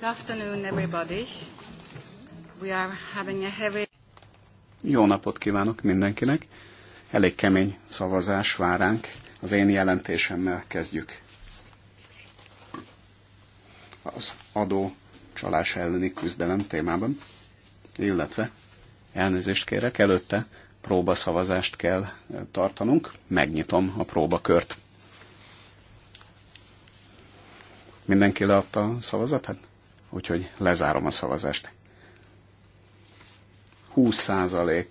Good afternoon, everybody. We are having a heavy... Jó napot kívánok mindenkinek! Elég kemény szavazás vár ránk. Az én jelentésemmel kezdjük. Az adó csalás elleni küzdelem témában, illetve elnézést kérek, előtte próbaszavazást kell eh, tartanunk. Megnyitom a próbakört. Mindenki leadta a szavazatát? úgyhogy lezárom a szavazást. 20%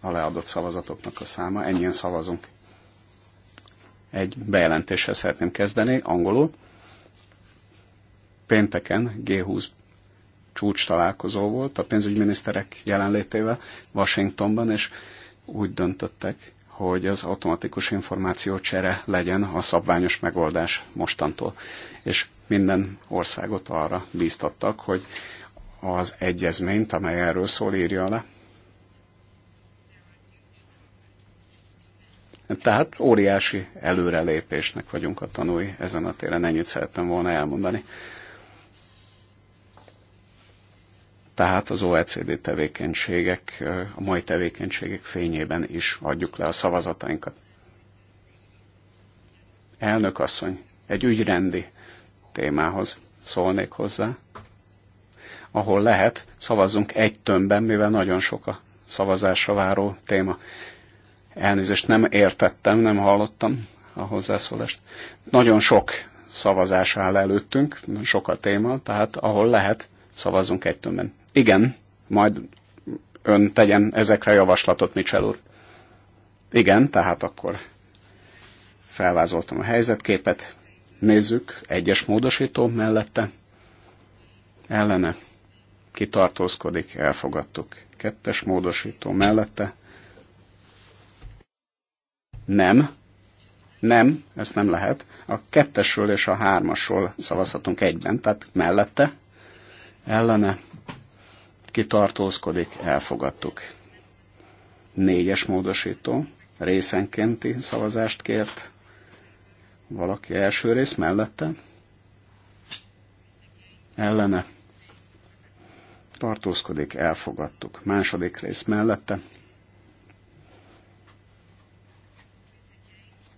a leadott szavazatoknak a száma, ennyien szavazunk. Egy bejelentéssel szeretném kezdeni, angolul. Pénteken G20 csúcs találkozó volt a pénzügyminiszterek jelenlétével Washingtonban, és úgy döntöttek, hogy az automatikus információcsere legyen a szabványos megoldás mostantól. És minden országot arra bíztattak, hogy az egyezményt, amely erről szól, írja le. Tehát óriási előrelépésnek vagyunk a tanúi ezen a téren, ennyit szerettem volna elmondani. Tehát az OECD tevékenységek, a mai tevékenységek fényében is adjuk le a szavazatainkat. Elnök asszony, egy ügyrendi témához szólnék hozzá. Ahol lehet, szavazzunk egy tömbben, mivel nagyon sok a szavazásra váró téma. Elnézést nem értettem, nem hallottam a hozzászólást. Nagyon sok szavazás áll előttünk, sok a téma, tehát ahol lehet, szavazzunk egy tömbben. Igen, majd ön tegyen ezekre javaslatot, Michel úr. Igen, tehát akkor felvázoltam a helyzetképet, Nézzük, egyes módosító mellette, ellene, kitartózkodik, elfogadtuk. Kettes módosító mellette, nem, nem, ezt nem lehet. A kettesről és a hármasról szavazhatunk egyben, tehát mellette, ellene, kitartózkodik, elfogadtuk. Négyes módosító részenkénti szavazást kért, valaki első rész mellette, ellene, tartózkodik, elfogadtuk. Második rész mellette,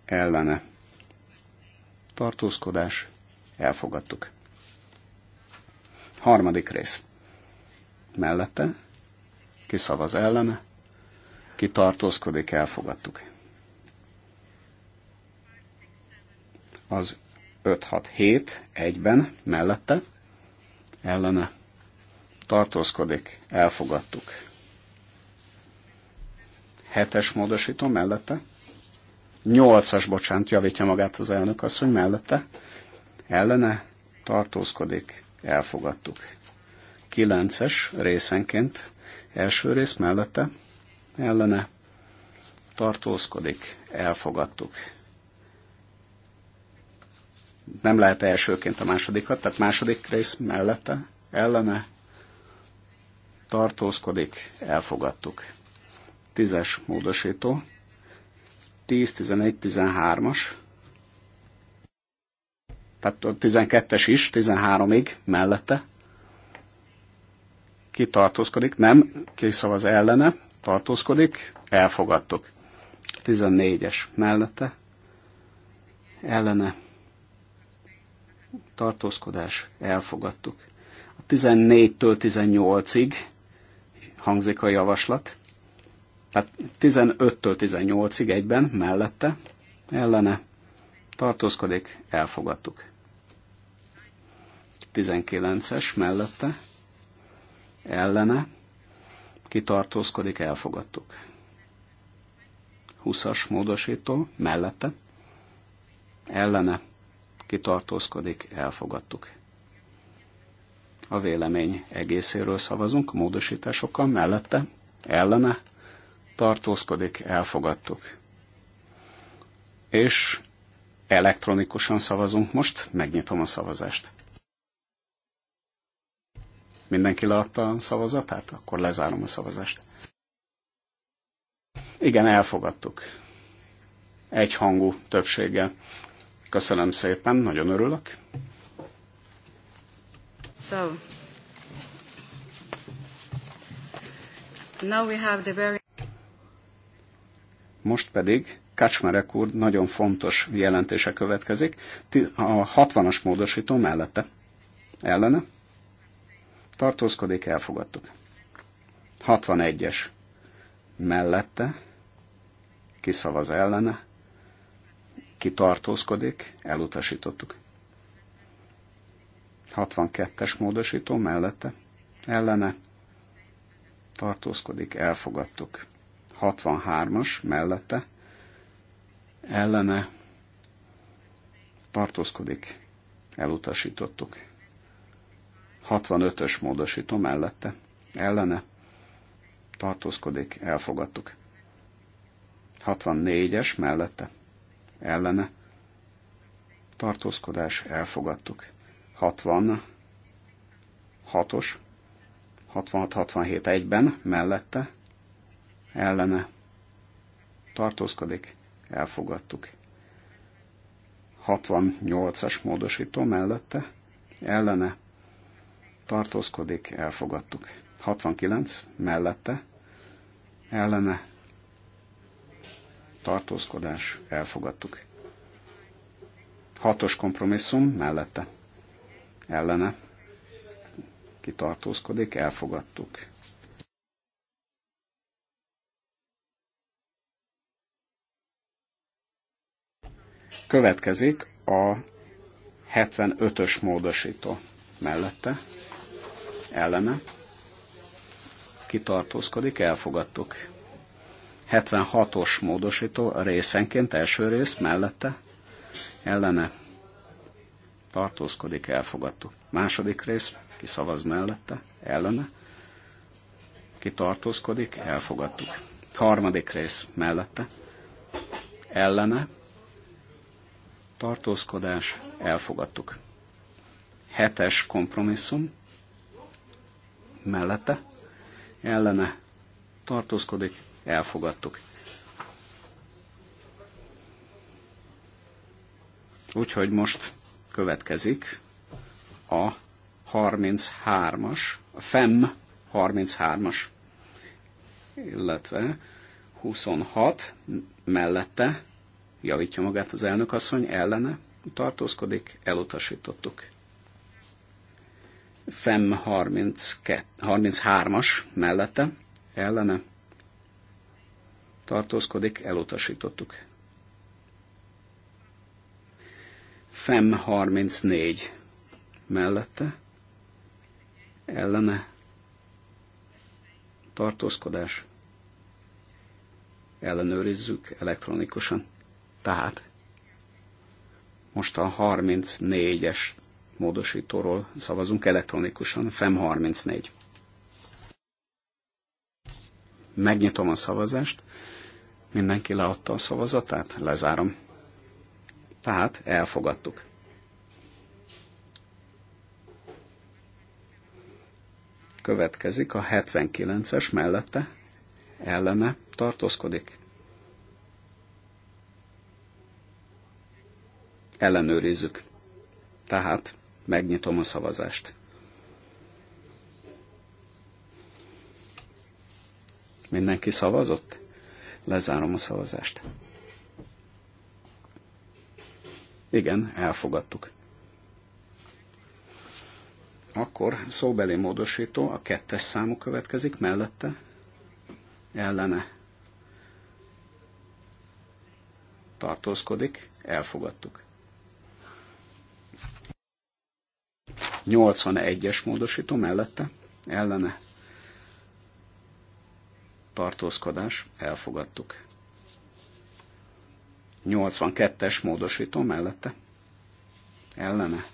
ellene, tartózkodás, elfogadtuk. Harmadik rész. Mellette, kiszavaz ellene, ki tartózkodik, elfogadtuk. az 567 egyben mellette ellene tartózkodik, elfogadtuk. Hetes módosító mellette, nyolcas, bocsánat, javítja magát az elnök asszony mellette, ellene tartózkodik, elfogadtuk. Kilences részenként, első rész mellette, ellene tartózkodik, elfogadtuk nem lehet elsőként a másodikat, tehát második rész mellette, ellene tartózkodik, elfogadtuk. Tízes módosító, 10, 11, 13-as, tehát a 12-es is, 13-ig mellette, ki tartózkodik, nem, ki szavaz ellene, tartózkodik, elfogadtuk. 14-es mellette, ellene tartózkodás, elfogadtuk. A 14-től 18-ig hangzik a javaslat, tehát 15-től 18-ig egyben, mellette, ellene, tartózkodik, elfogadtuk. 19-es mellette, ellene, kitartózkodik, elfogadtuk. 20-as módosító mellette, ellene, kitartózkodik, elfogadtuk. A vélemény egészéről szavazunk, módosításokkal mellette, ellene, tartózkodik, elfogadtuk. És elektronikusan szavazunk most, megnyitom a szavazást. Mindenki leadta a szavazatát? Akkor lezárom a szavazást. Igen, elfogadtuk. hangú többséggel. Köszönöm szépen, nagyon örülök. So, now we have the very... Most pedig Kacsmerek úr nagyon fontos jelentése következik. A 60-as módosító mellette. Ellene? Tartózkodik, elfogadtuk. 61-es mellette, kiszavaz ellene, ki tartózkodik, elutasítottuk. 62-es módosító mellette, ellene, tartózkodik, elfogadtuk. 63-as mellette, ellene, tartózkodik, elutasítottuk. 65-ös módosító mellette, ellene, tartózkodik, elfogadtuk. 64-es mellette, ellene tartózkodás elfogadtuk. 60, 6-os, 66-67 egyben, mellette, ellene tartózkodik, elfogadtuk. 68-as módosító mellette, ellene tartózkodik, elfogadtuk. 69 mellette, ellene tartózkodás, elfogadtuk. Hatos kompromisszum mellette, ellene, tartózkodik, elfogadtuk. Következik a 75-ös módosító mellette, ellene, kitartózkodik, elfogadtuk. 76-os módosító részenként első rész mellette ellene tartózkodik, elfogadtuk. Második rész, ki szavaz mellette, ellene, ki tartózkodik, elfogadtuk. Harmadik rész mellette, ellene, tartózkodás, elfogadtuk. Hetes kompromisszum, mellette, ellene, tartózkodik, elfogadtuk. Úgyhogy most következik a 33-as, a FEM 33-as, illetve 26 mellette javítja magát az elnök asszony, ellene tartózkodik, elutasítottuk. FEM 32, 33-as mellette, ellene tartózkodik, elutasítottuk. FEM 34 mellette ellene tartózkodás ellenőrizzük elektronikusan. Tehát most a 34-es módosítóról szavazunk elektronikusan, FEM 34. Megnyitom a szavazást. Mindenki leadta a szavazatát? Lezárom. Tehát elfogadtuk. Következik a 79-es mellette, ellene tartózkodik. Ellenőrizzük. Tehát megnyitom a szavazást. Mindenki szavazott? Lezárom a szavazást. Igen, elfogadtuk. Akkor szóbeli módosító, a kettes számú következik, mellette, ellene tartózkodik, elfogadtuk. 81-es módosító mellette, ellene tartózkodás, elfogadtuk. 82-es módosító mellette, ellene,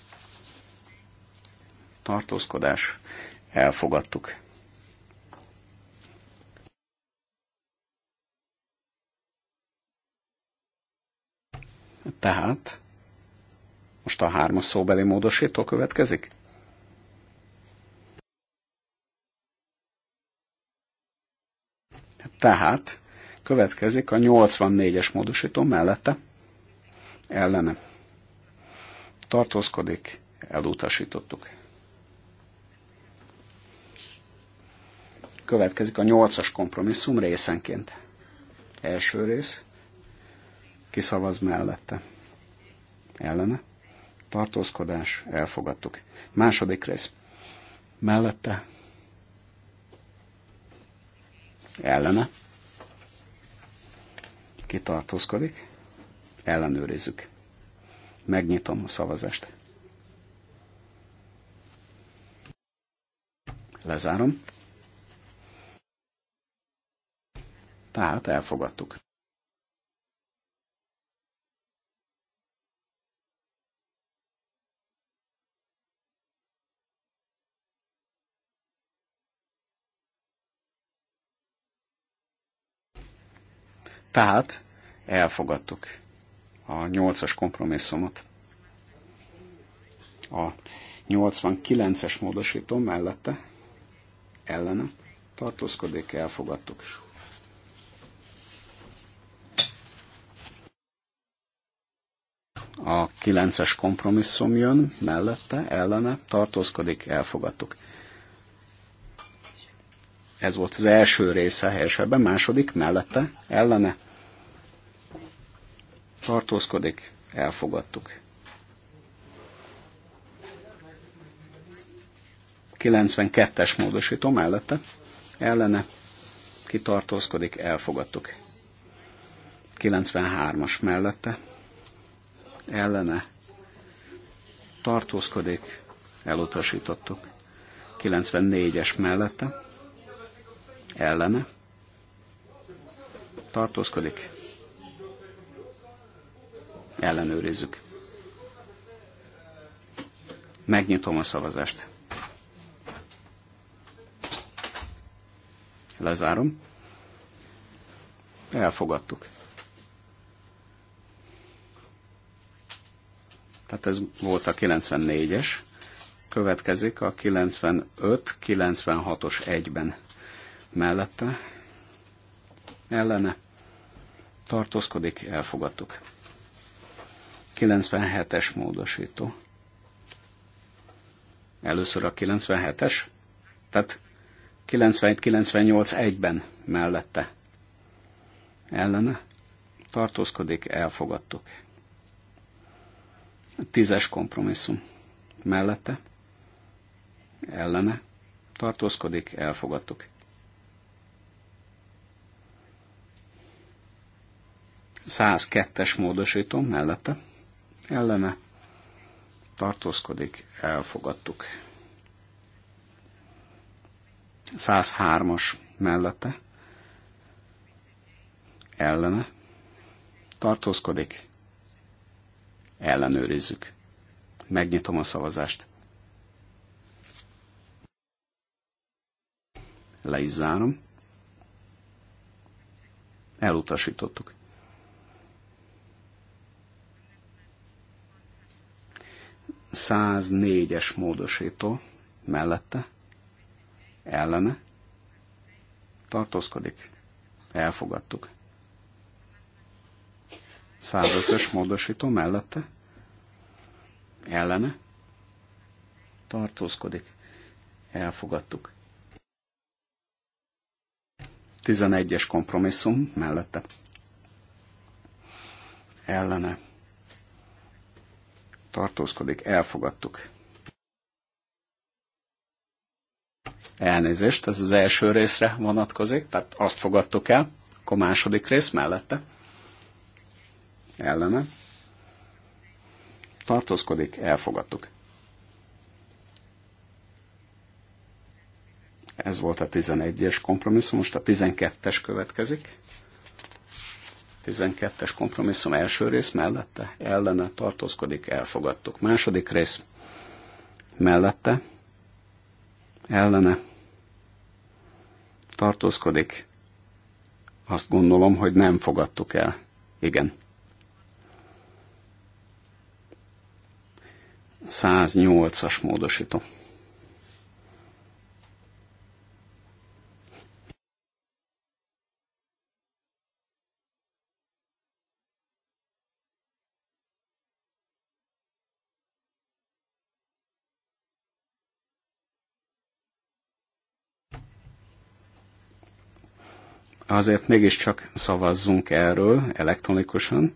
tartózkodás, elfogadtuk. Tehát most a hármas szóbeli módosító következik? Tehát következik a 84-es módosító mellette ellene. Tartózkodik, elutasítottuk. Következik a 8-as kompromisszum részenként. Első rész, kiszavaz mellette. Ellene. Tartózkodás, elfogadtuk. Második rész, mellette ellene, kitartózkodik, ellenőrizzük. Megnyitom a szavazást. Lezárom. Tehát elfogadtuk. Tehát elfogadtuk a nyolcas kompromisszumot. A 89-es módosító mellette ellene tartózkodik, elfogadtuk. A 9-es kompromisszum jön mellette, ellene tartózkodik, elfogadtuk. Ez volt az első része helyesebben, második mellette, ellene. Tartózkodik, elfogadtuk. 92-es módosító mellette, ellene, kitartózkodik, elfogadtuk. 93-as mellette, ellene, tartózkodik, elutasítottuk. 94-es mellette, ellene tartózkodik, ellenőrizzük. Megnyitom a szavazást. Lezárom. Elfogadtuk. Tehát ez volt a 94-es. Következik a 95-96-os egyben mellette ellene tartózkodik, elfogadtuk. 97-es módosító. Először a 97-es, tehát 97-98-1-ben mellette ellene tartózkodik, elfogadtuk. Tízes kompromisszum mellette ellene tartózkodik, elfogadtuk. 102-es módosító mellette ellene tartózkodik, elfogadtuk. 103-as mellette ellene tartózkodik, ellenőrizzük. Megnyitom a szavazást. Le is zárom. Elutasítottuk. 104-es módosító mellette, ellene, tartózkodik, elfogadtuk. 105-ös módosító mellette, ellene, tartózkodik, elfogadtuk. 11-es kompromisszum mellette, ellene, tartózkodik, elfogadtuk. Elnézést, ez az első részre vonatkozik, tehát azt fogadtuk el, akkor második rész mellette. Ellene. Tartózkodik, elfogadtuk. Ez volt a 11-es kompromisszum, most a 12-es következik. 12-es kompromisszum első rész mellette, ellene tartózkodik, elfogadtuk. Második rész mellette, ellene tartózkodik, azt gondolom, hogy nem fogadtuk el. Igen. 108-as módosító. azért mégiscsak szavazzunk erről elektronikusan,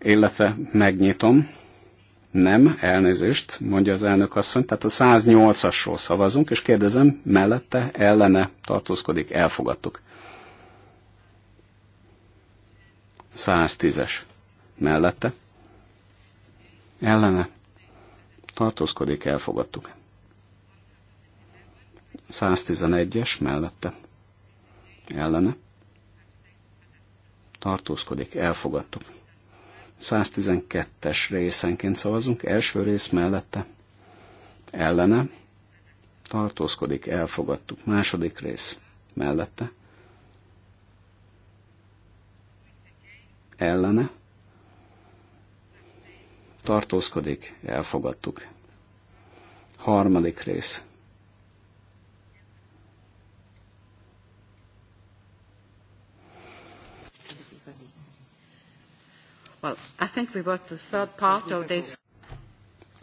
illetve megnyitom, nem, elnézést, mondja az elnök asszony, tehát a 108-asról szavazunk, és kérdezem, mellette, ellene tartózkodik, elfogadtuk. 110-es. Mellette. Ellene. Tartózkodik, elfogadtuk. 111-es mellette. Ellene tartózkodik, elfogadtuk. 112-es részenként szavazunk, első rész mellette, ellene, tartózkodik, elfogadtuk. Második rész mellette, ellene, tartózkodik, elfogadtuk. Harmadik rész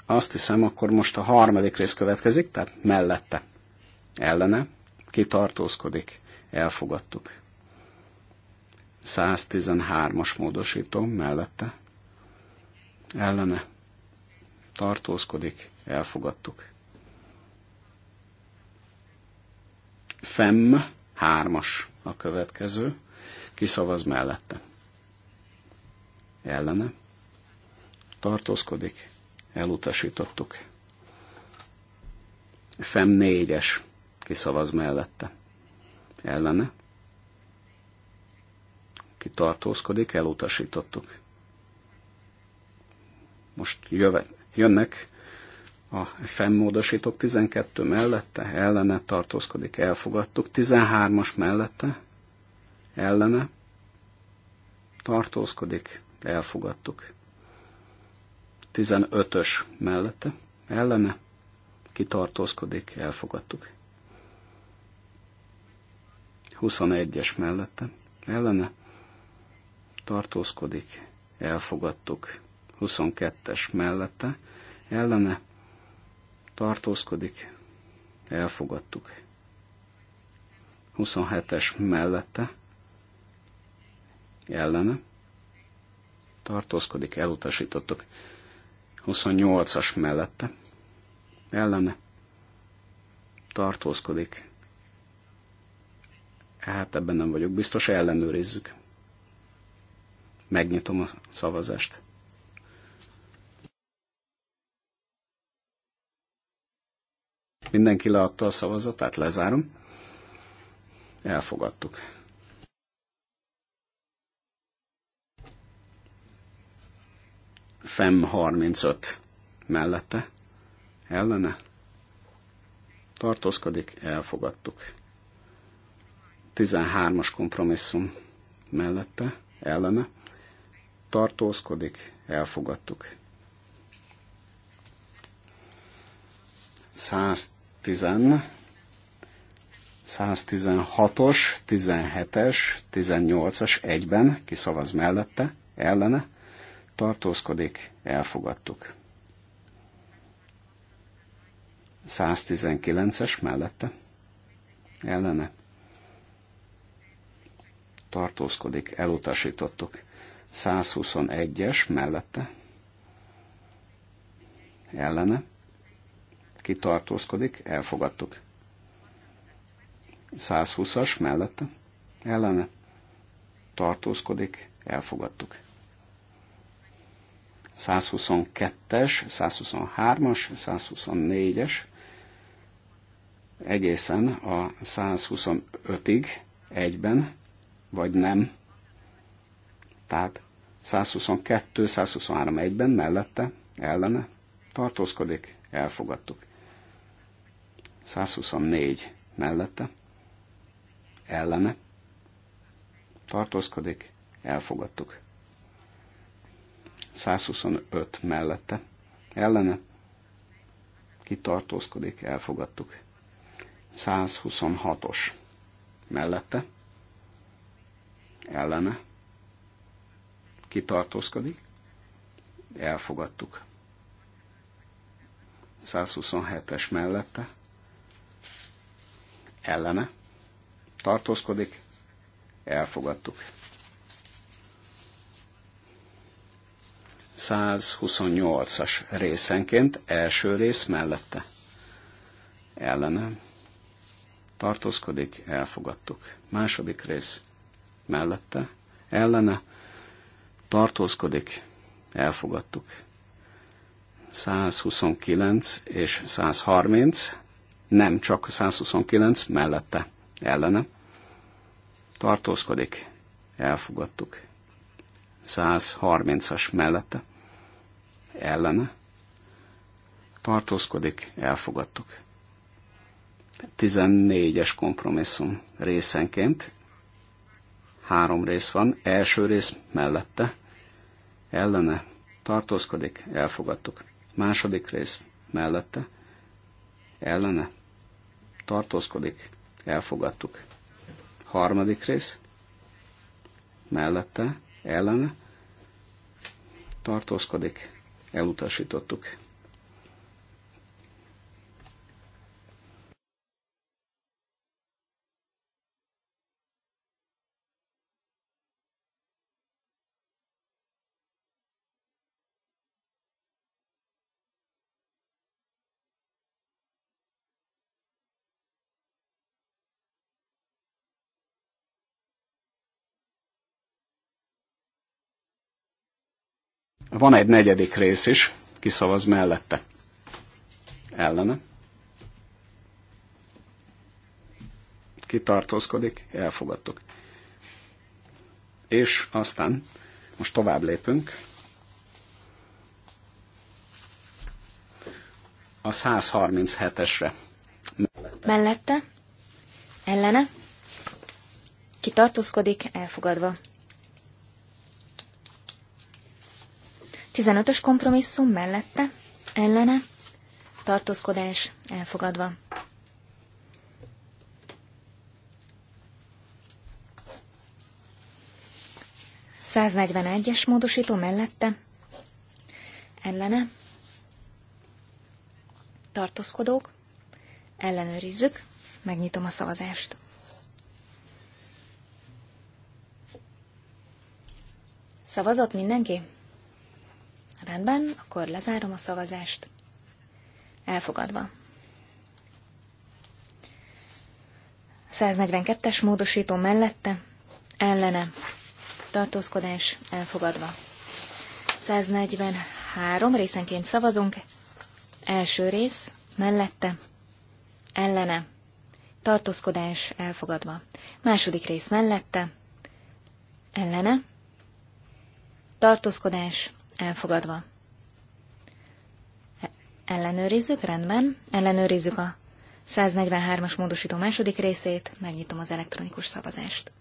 Azt hiszem, akkor most a harmadik rész következik, tehát mellette. Ellene, kitartózkodik, elfogadtuk. 113-as módosító mellette. Ellene, tartózkodik, elfogadtuk. Fem, hármas a következő, kiszavaz mellette ellene tartózkodik, elutasítottuk. FEM négyes kiszavaz mellette, ellene ki tartózkodik, elutasítottuk. Most jöve, jönnek a fennmódosítók 12 mellette, ellene tartózkodik, elfogadtuk, 13-as mellette, ellene tartózkodik, elfogadtuk. 15-ös mellette, ellene, kitartózkodik, elfogadtuk. 21-es mellette, ellene, tartózkodik, elfogadtuk. 22-es mellette, ellene, tartózkodik, elfogadtuk. 27-es mellette, ellene, tartózkodik, elutasítottuk. 28-as mellette, ellene, tartózkodik. Hát ebben nem vagyok biztos, ellenőrizzük. Megnyitom a szavazást. Mindenki leadta a szavazatát, lezárom. Elfogadtuk. FEM 35 mellette, ellene, tartózkodik, elfogadtuk. 13-as kompromisszum mellette, ellene, tartózkodik, elfogadtuk. 110, 116-os, 17-es, 18-as egyben kiszavaz mellette, ellene, tartózkodik, elfogadtuk. 119-es mellette, ellene, tartózkodik, elutasítottuk. 121-es mellette, ellene, ki elfogadtuk. 120-as mellette, ellene, tartózkodik, elfogadtuk. 122-es, 123-as, 124-es, egészen a 125-ig egyben, vagy nem. Tehát 122, 123 egyben, mellette, ellene, tartózkodik, elfogadtuk. 124 mellette, ellene, tartózkodik, elfogadtuk. 125 mellette. Ellene kitartózkodik, elfogadtuk. 126-os mellette. Ellene kitartózkodik, elfogadtuk. 127-es mellette. Ellene tartózkodik, elfogadtuk. 128-as részenként, első rész mellette. Ellene. Tartózkodik, elfogadtuk. Második rész mellette. Ellene. Tartózkodik, elfogadtuk. 129 és 130, nem csak 129 mellette, ellene. Tartózkodik, elfogadtuk. 130-as mellette ellene tartózkodik, elfogadtuk. 14-es kompromisszum részenként. Három rész van, első rész mellette, ellene tartózkodik, elfogadtuk. Második rész mellette, ellene tartózkodik, elfogadtuk. Harmadik rész mellette, ellene tartózkodik, elutasítottuk. Van egy negyedik rész is, kiszavaz mellette. Ellene. Kitartózkodik, elfogadtuk. És aztán most tovább lépünk. A 137-esre. Mellette. Mellette. Ellene. Kitartózkodik, elfogadva. 15-ös kompromisszum mellette, ellene, tartózkodás elfogadva. es módosító mellette, ellene, tartózkodók, ellenőrizzük, megnyitom a szavazást. Szavazott mindenki? Rendben, akkor lezárom a szavazást. Elfogadva. 142-es módosító mellette, ellene, tartózkodás elfogadva. 143 részenként szavazunk, első rész, mellette, ellene, tartózkodás elfogadva. Második rész mellette, ellene, tartózkodás Elfogadva. Ellenőrizzük, rendben. Ellenőrizzük a 143-as módosító második részét, megnyitom az elektronikus szavazást.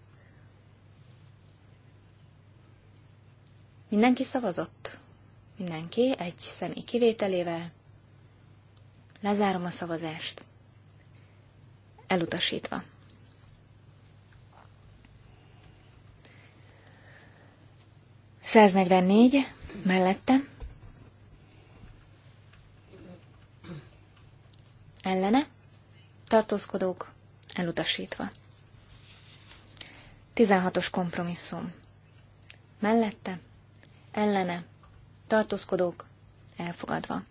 Mindenki szavazott. Mindenki, egy személy kivételével. Lezárom a szavazást. Elutasítva. 144 mellette, ellene, tartózkodók elutasítva. 16-os kompromisszum. Mellette, ellene, tartózkodók elfogadva.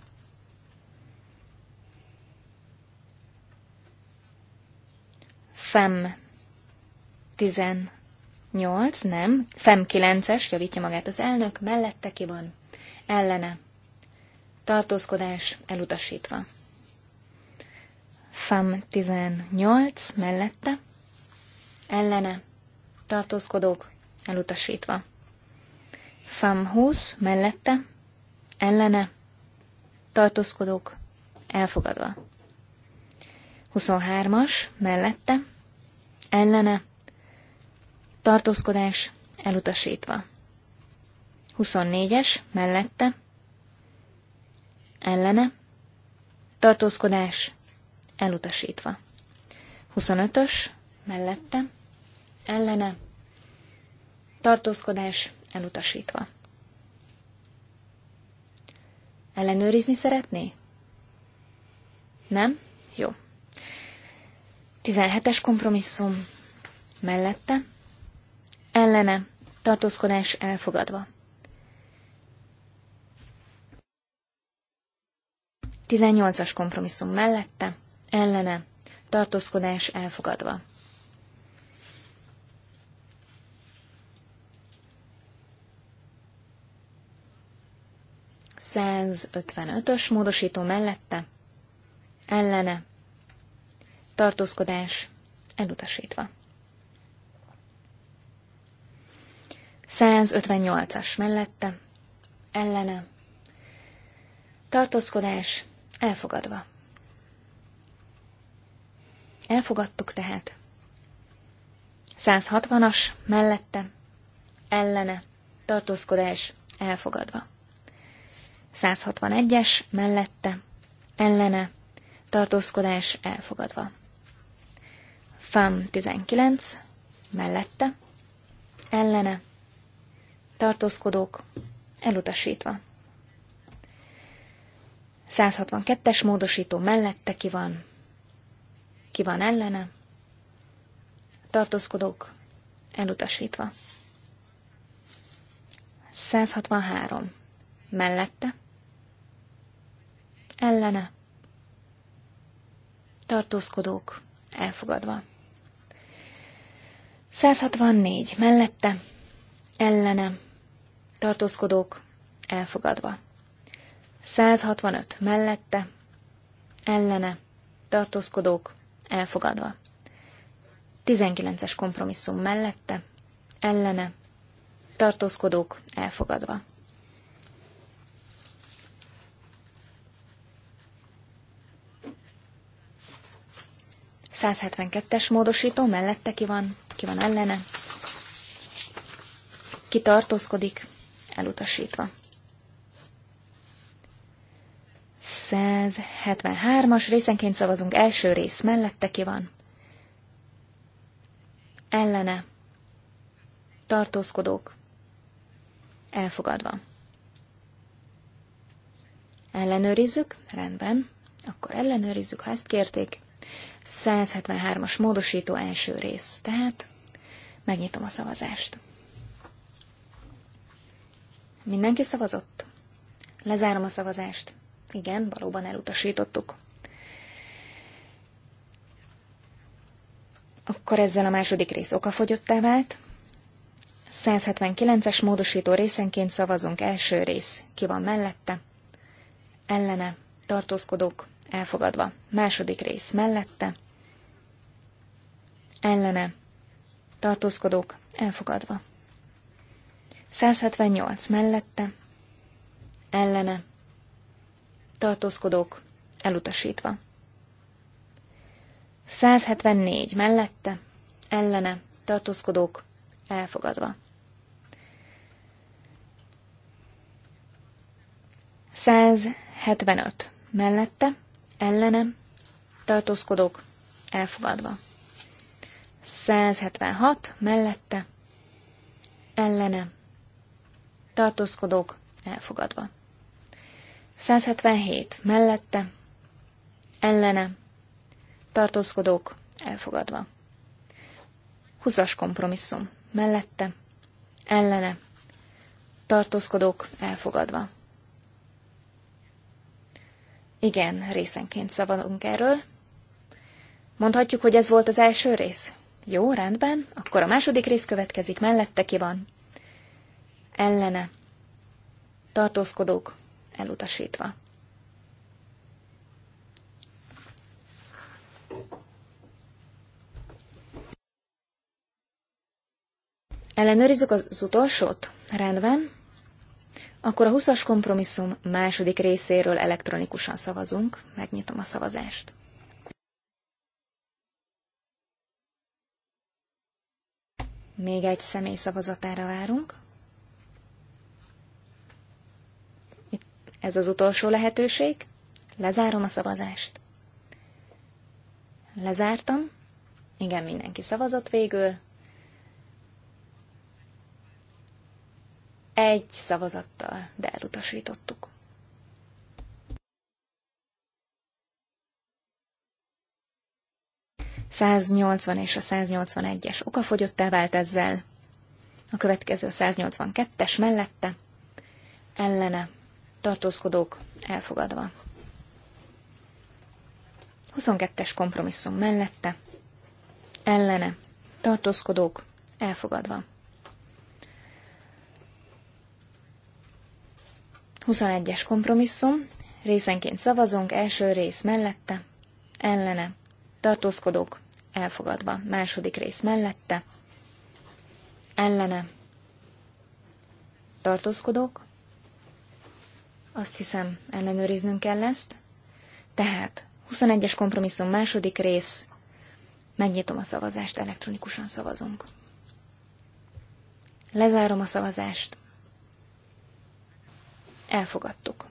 Fem Tizen. Nyolc, nem. Fem kilences. javítja magát az elnök, mellette ki van. Ellene. Tartózkodás elutasítva. Fem tizennyolc, mellette. Ellene. Tartózkodók elutasítva. Fem húsz, mellette. Ellene. Tartózkodók elfogadva. 23-as, mellette. Ellene tartózkodás elutasítva. 24-es mellette, ellene, tartózkodás elutasítva. 25-ös mellette, ellene, tartózkodás elutasítva. Ellenőrizni szeretné? Nem? Jó. 17-es kompromisszum mellette, ellene, tartózkodás elfogadva. 18-as kompromisszum mellette, ellene, tartózkodás elfogadva. Száz ös módosító mellette, ellene, tartózkodás elutasítva. 158-as mellette, ellene, tartózkodás elfogadva. Elfogadtuk tehát. 160-as mellette, ellene, tartózkodás elfogadva. 161-es mellette, ellene, tartózkodás elfogadva. FAM 19 mellette, ellene, tartózkodók elutasítva. 162-es módosító mellette ki van, ki van ellene, tartózkodók elutasítva. 163. Mellette, ellene, tartózkodók elfogadva. 164. Mellette, ellene, tartózkodók elfogadva. 165 mellette, ellene, tartózkodók elfogadva. 19-es kompromisszum mellette, ellene, tartózkodók elfogadva. es módosító mellette ki van, ki van ellene, ki tartózkodik, elutasítva. 173-as részenként szavazunk első rész mellette ki van. Ellene. Tartózkodók. Elfogadva. Ellenőrizzük, rendben, akkor ellenőrizzük, ha ezt kérték. 173-as módosító első rész, tehát megnyitom a szavazást. Mindenki szavazott? Lezárom a szavazást. Igen, valóban elutasítottuk. Akkor ezzel a második rész okafogyottá vált. 179-es módosító részenként szavazunk első rész. Ki van mellette? Ellene. Tartózkodók. Elfogadva. Második rész mellette. Ellene. Tartózkodók. Elfogadva. 178 mellette, ellene, tartózkodók, elutasítva. 174 mellette, ellene, tartózkodók, elfogadva. 175 mellette, ellene, tartózkodók, elfogadva. 176 mellette, ellene, tartózkodók elfogadva. 177 mellette, ellene, tartózkodók elfogadva. 20-as kompromisszum mellette, ellene, tartózkodók elfogadva. Igen, részenként szavadunk erről. Mondhatjuk, hogy ez volt az első rész? Jó, rendben, akkor a második rész következik, mellette ki van, ellene, tartózkodók elutasítva. Ellenőrizzük az utolsót? Rendben. Akkor a 20-as kompromisszum második részéről elektronikusan szavazunk. Megnyitom a szavazást. Még egy személy szavazatára várunk. Ez az utolsó lehetőség. Lezárom a szavazást. Lezártam. Igen, mindenki szavazott végül. Egy szavazattal, de elutasítottuk. ...180 és a 181-es okafogyottá vált ezzel, a következő 182-es mellette, ellene tartózkodók elfogadva. 22-es kompromisszum mellette, ellene, tartózkodók elfogadva. 21-es kompromisszum, részenként szavazunk, első rész mellette, ellene, tartózkodók elfogadva, második rész mellette, ellene, tartózkodók azt hiszem, ellenőriznünk kell ezt. Tehát, 21-es kompromisszum második rész. Megnyitom a szavazást, elektronikusan szavazunk. Lezárom a szavazást. Elfogadtuk.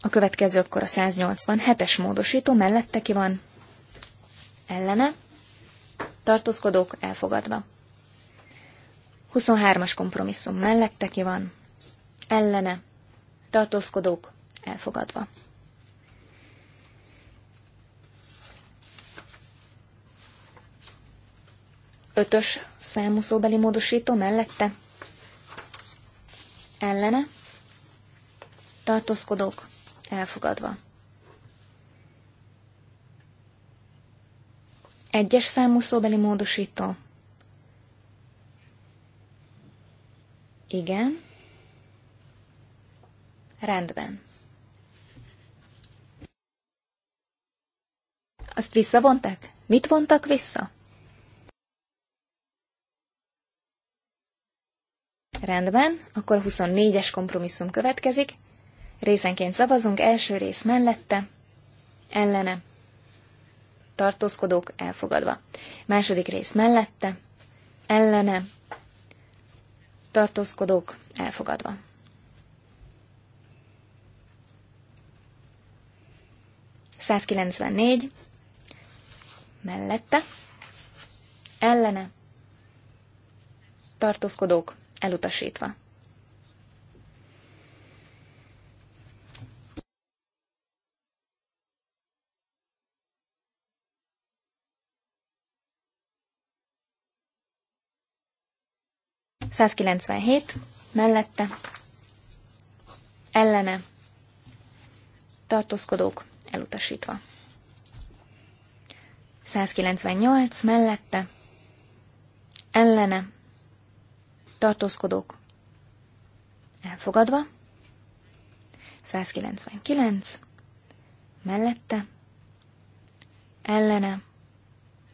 A következő akkor a 187-es módosító, mellette ki van ellene, tartózkodók elfogadva. 23-as kompromisszum mellette ki van, ellene, tartózkodók elfogadva. Ötös számú szóbeli módosító mellette, ellene, tartózkodók elfogadva. Egyes számú szóbeli módosító. Igen. Rendben. Azt visszavonták? Mit vontak vissza? Rendben, akkor 24-es kompromisszum következik. Részenként szavazunk első rész mellette, ellene tartózkodók elfogadva. Második rész mellette, ellene, tartózkodók elfogadva. Százkilencvennégy mellette, ellene, tartózkodók elutasítva. 197 mellette ellene tartózkodók elutasítva. 198 mellette ellene tartózkodók elfogadva. 199 mellette ellene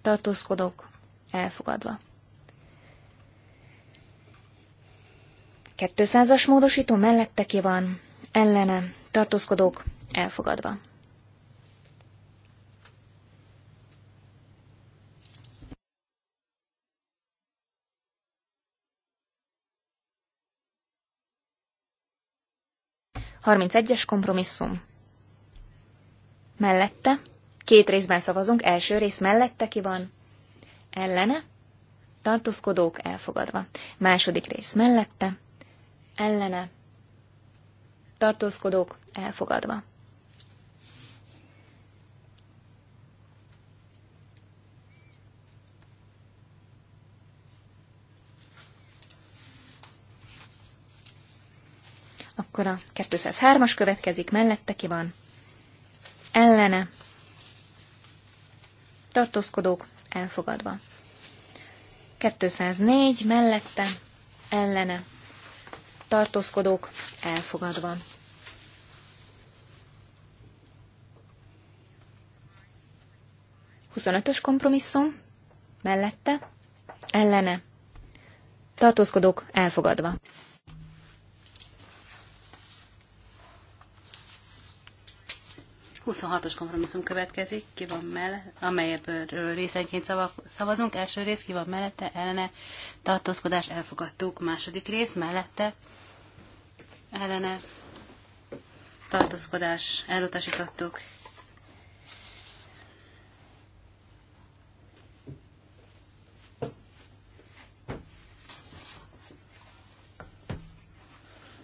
tartózkodók elfogadva. 200-as módosító mellette ki van, ellene, tartózkodók elfogadva. Harmincegyes kompromisszum. Mellette, két részben szavazunk, első rész mellette ki van, ellene, tartózkodók elfogadva. Második rész mellette, ellene, tartózkodók elfogadva. Akkor a 203-as következik, mellette ki van. Ellene. Tartózkodók elfogadva. 204 mellette, ellene tartózkodók elfogadva. Huszonötös kompromisszum mellette, ellene, tartózkodók elfogadva. Huszonhatos kompromisszum következik, ki van mellette, amelyről részenként szavazunk. Első rész ki van mellette, ellene, tartózkodás elfogadtuk. Második rész mellette, ellene tartózkodás elutasítottuk.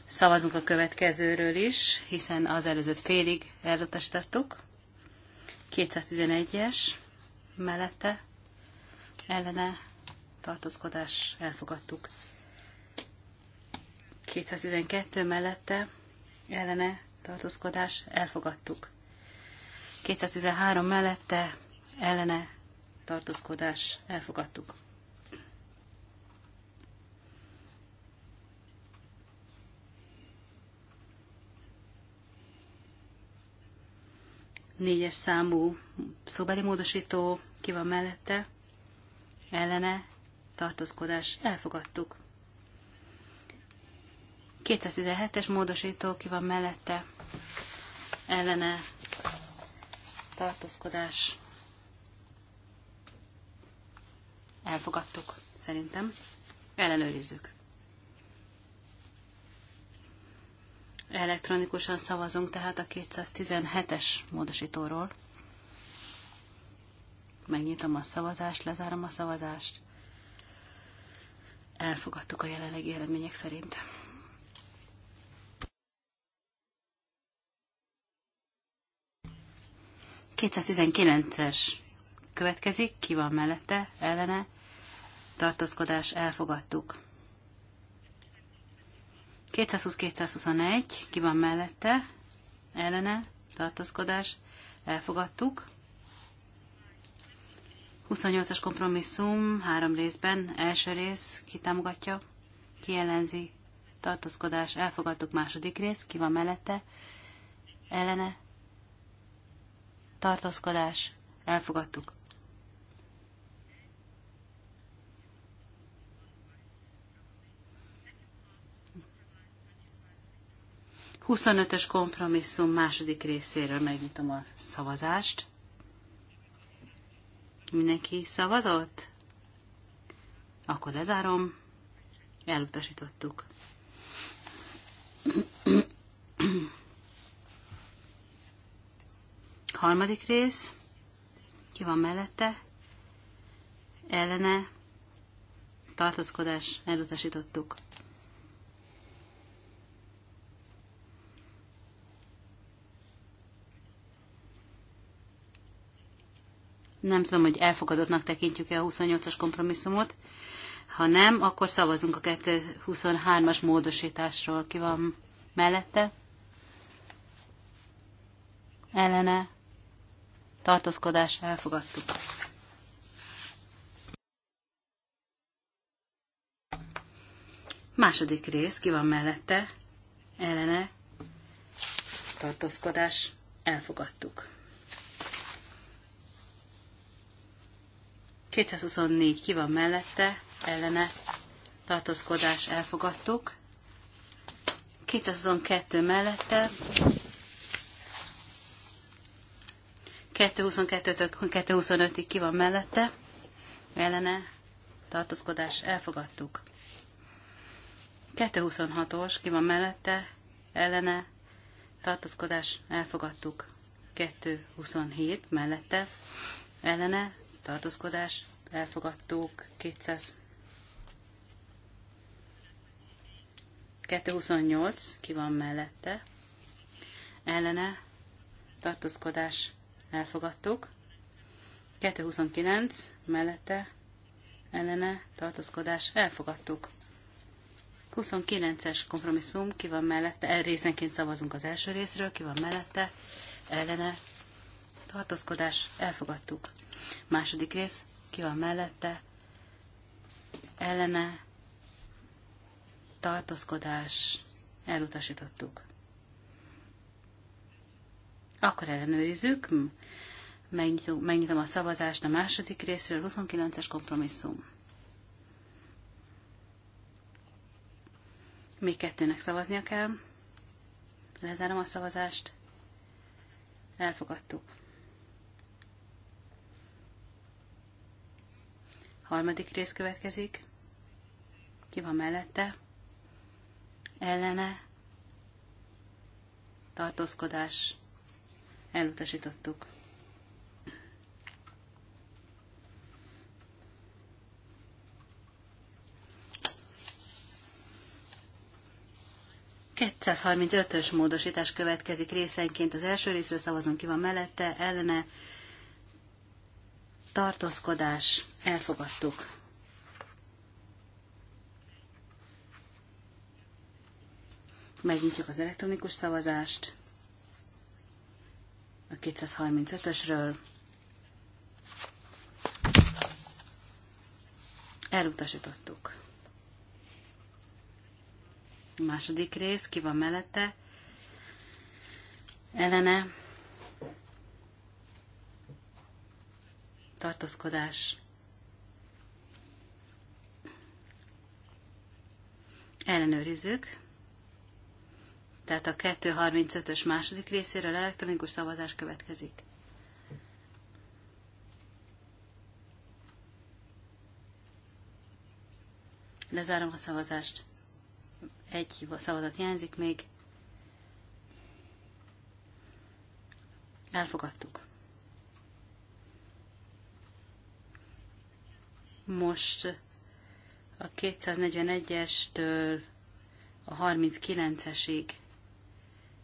Szavazunk a következőről is, hiszen az előzőt félig elutasítottuk. 211-es mellette ellene tartózkodás elfogadtuk. 212 mellette ellene tartózkodás elfogadtuk. 213 mellette ellene tartózkodás elfogadtuk. Négyes számú szóbeli módosító ki van mellette, ellene tartózkodás elfogadtuk. 217-es módosító, ki van mellette, ellene tartózkodás. Elfogadtuk, szerintem. Ellenőrizzük. Elektronikusan szavazunk tehát a 217-es módosítóról. Megnyitom a szavazást, lezárom a szavazást. Elfogadtuk a jelenlegi eredmények szerint. 219-es következik, ki van mellette, ellene, tartózkodás, elfogadtuk. 220-221, ki van mellette, ellene, tartózkodás, elfogadtuk. 28-as kompromisszum, három részben, első rész, ki támogatja, ki ellenzi, tartózkodás, elfogadtuk második rész, ki van mellette, ellene, tartaszkodás, elfogadtuk. Huszonötös kompromisszum második részéről megnyitom a szavazást. Mindenki szavazott? Akkor lezárom. Elutasítottuk. harmadik rész, ki van mellette, ellene, tartózkodás, elutasítottuk. Nem tudom, hogy elfogadottnak tekintjük-e a 28-as kompromisszumot. Ha nem, akkor szavazunk a 23 as módosításról. Ki van mellette? Ellene? tartózkodás elfogadtuk. Második rész, ki van mellette, ellene, tartózkodás, elfogadtuk. 224 ki van mellette, ellene, tartózkodás, elfogadtuk. 222 mellette, 2.22-től 2.25-ig ki van mellette, ellene tartózkodás elfogadtuk. 2.26-os ki van mellette, ellene tartózkodás elfogadtuk. 2.27 mellette, ellene tartózkodás elfogadtuk. 200 228 ki van mellette, ellene tartózkodás elfogadtuk. 229 mellette ellene tartózkodás elfogadtuk. 29-es kompromisszum, ki van mellette, el részenként szavazunk az első részről, ki van mellette, ellene, tartózkodás, elfogadtuk. Második rész, ki van mellette, ellene, tartózkodás, elutasítottuk. Akkor ellenőrizzük. Megnyitom, megnyitom a szavazást a második részről, 29-es kompromisszum. Még kettőnek szavaznia kell. Lezárom a szavazást. Elfogadtuk. Harmadik rész következik. Ki van mellette? Ellene. Tartózkodás elutasítottuk. ös módosítás következik részenként. Az első részről szavazunk ki van mellette, ellene tartózkodás elfogadtuk. Megnyitjuk az elektronikus szavazást a 235-ösről. Elutasítottuk. A második rész, ki van mellette? Elene. Tartózkodás. Ellenőrizzük. Tehát a 235-ös második részéről elektronikus szavazás következik. Lezárom a szavazást. Egy szavazat hiányzik még. Elfogadtuk. Most a 241-estől a 39-esig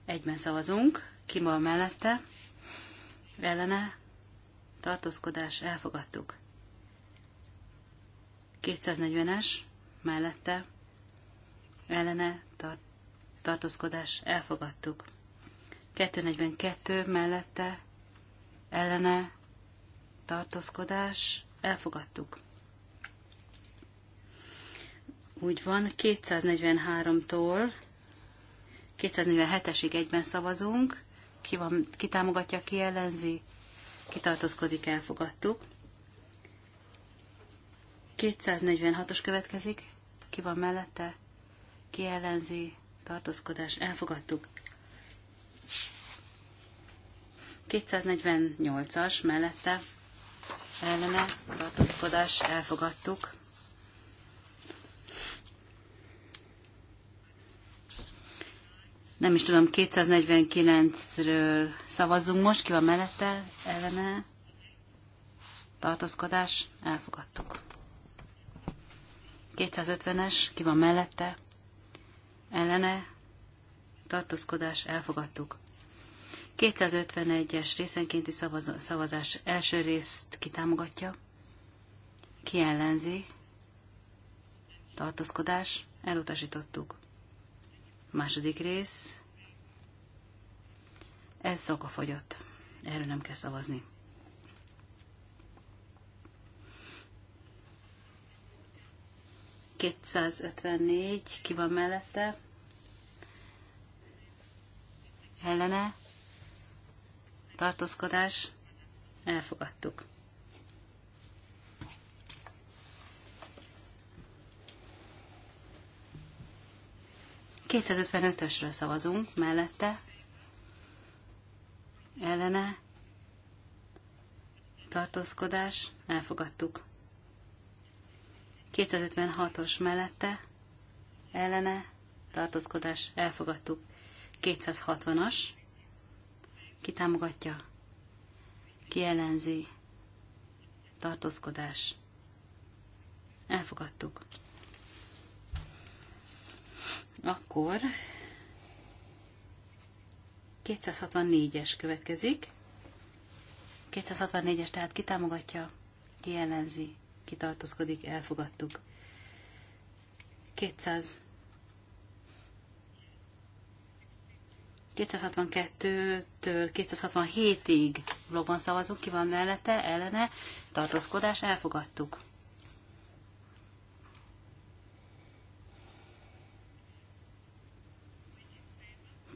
Egyben szavazunk. Ki van mellette? Ellene. Tartózkodás. Elfogadtuk. 240-es. Mellette. Ellene. Tar- tartózkodás. Elfogadtuk. 242 mellette. Ellene. Tartózkodás. Elfogadtuk. Úgy van, 243-tól 247-esig egyben szavazunk. Ki, van, ki támogatja, ki ellenzi, ki tartózkodik, elfogadtuk. 246-os következik. Ki van mellette, ki ellenzi, tartózkodás, elfogadtuk. 248-as mellette ellene tartózkodás elfogadtuk. nem is tudom, 249-ről szavazzunk most, ki van mellette, ellene, tartózkodás, elfogadtuk. 250-es, ki van mellette, ellene, tartózkodás, elfogadtuk. 251-es részenkénti szavaz, szavazás első részt kitámogatja, ki ellenzi, tartózkodás, elutasítottuk. Második rész. Ez szokafogyott. Erről nem kell szavazni. négy Ki van mellette? Ellene? Tartózkodás? Elfogadtuk. 255-ösről szavazunk, mellette, ellene, tartózkodás, elfogadtuk. 256-os mellette, ellene, tartózkodás, elfogadtuk. 260-as, ki támogatja, ki ellenzi, tartózkodás, elfogadtuk. Akkor 264-es következik. 264-es, tehát ki támogatja, ki ellenzi, ki tartózkodik, elfogadtuk. 200 262-től 267-ig blogban szavazunk, ki van mellette, ellene, tartózkodás, elfogadtuk.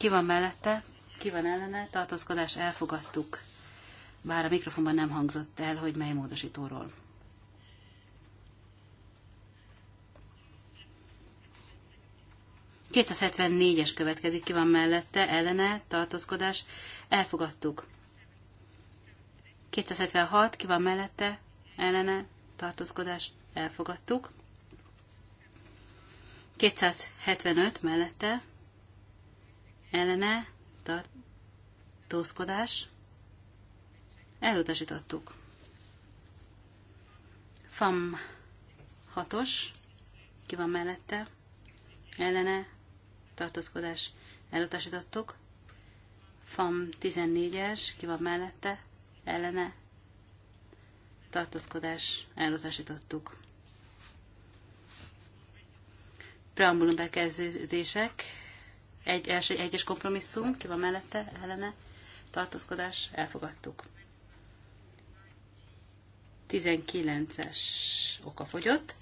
Ki van mellette? Ki van ellene? Tartózkodás elfogadtuk. Bár a mikrofonban nem hangzott el, hogy mely módosítóról. 274-es következik, ki van mellette, ellene, tartózkodás, elfogadtuk. 276, ki van mellette, ellene, tartózkodás, elfogadtuk. 275 mellette, ellene tartózkodás elutasítottuk. FAM 6-os, ki van mellette, ellene tartózkodás elutasítottuk. FAM 14-es, ki van mellette, ellene tartózkodás elutasítottuk. Preambulum bekezdések egy, első, egyes kompromisszum, ki van mellette, ellene, tartózkodás, elfogadtuk. 19-es oka fogyott,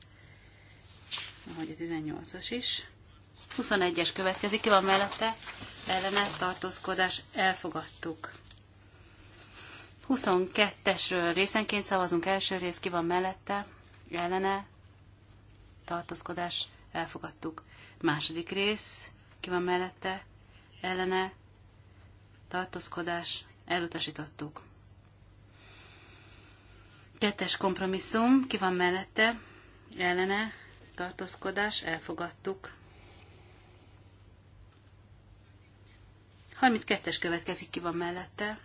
ahogy a 18-as is. 21-es következik, ki van mellette, ellene, tartózkodás, elfogadtuk. 22-esről részenként szavazunk, első rész ki van mellette, ellene, tartózkodás, elfogadtuk. Második rész, ki van mellette? Ellene? Tartózkodás? Elutasítottuk. Kettes kompromisszum. Ki van mellette? Ellene? Tartózkodás? Elfogadtuk. 32-es következik, ki van mellette,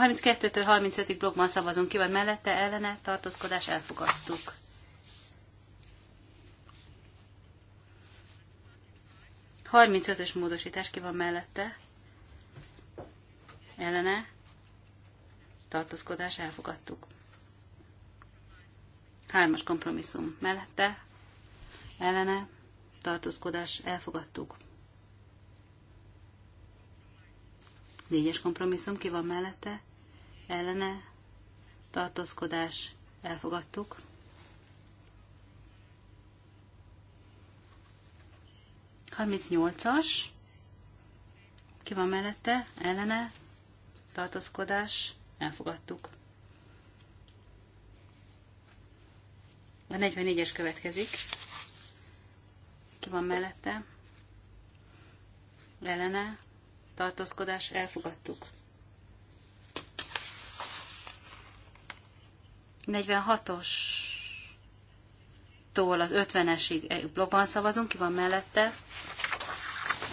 32-től 35-ig blogban szavazunk ki, vagy mellette, ellene, tartózkodás, elfogadtuk. 35-ös módosítás ki van mellette, ellene, tartózkodás, elfogadtuk. Hármas kompromisszum mellette, ellene, tartózkodás, elfogadtuk. Négyes kompromisszum ki van mellette, ellene tartózkodás elfogadtuk. Harmincnyolcas, ki van mellette, ellene tartózkodás elfogadtuk. A 44-es következik. Ki van mellette? Ellene tartózkodás elfogadtuk. 46-os tól az 50-esig blogban szavazunk, ki van mellette,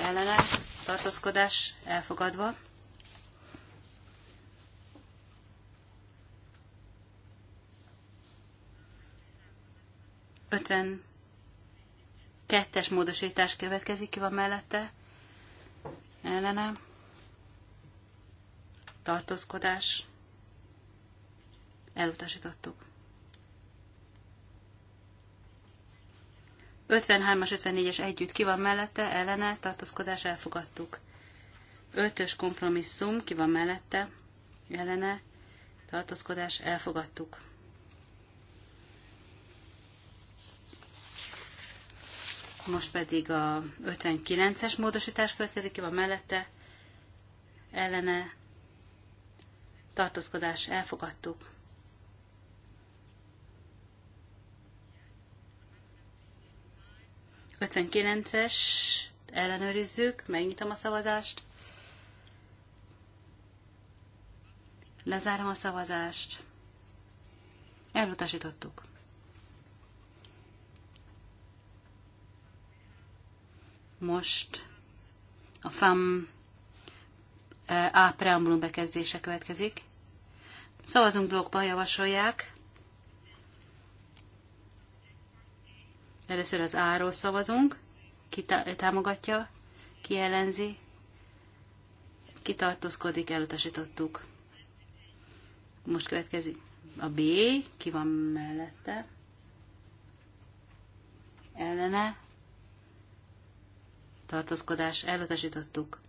ellene, tartózkodás elfogadva. Ötven kettes módosítás következik, ki van mellette, ellene, tartózkodás elutasítottuk. 53-as, 54-es együtt ki van mellette, ellene, tartózkodás elfogadtuk. 5-ös kompromisszum ki van mellette, ellene, tartózkodás elfogadtuk. Most pedig a 59-es módosítás következik, ki van mellette, ellene, tartózkodás elfogadtuk. 59-es, ellenőrizzük, megnyitom a szavazást. Lezárom a szavazást. Elutasítottuk. Most a FAM eh, A preambulum bekezdése következik. Szavazunk blogban, javasolják. Először az áról szavazunk. Ki támogatja, ki ellenzi, ki tartózkodik, elutasítottuk. Most következik a B, ki van mellette, ellene, tartózkodás, elutasítottuk.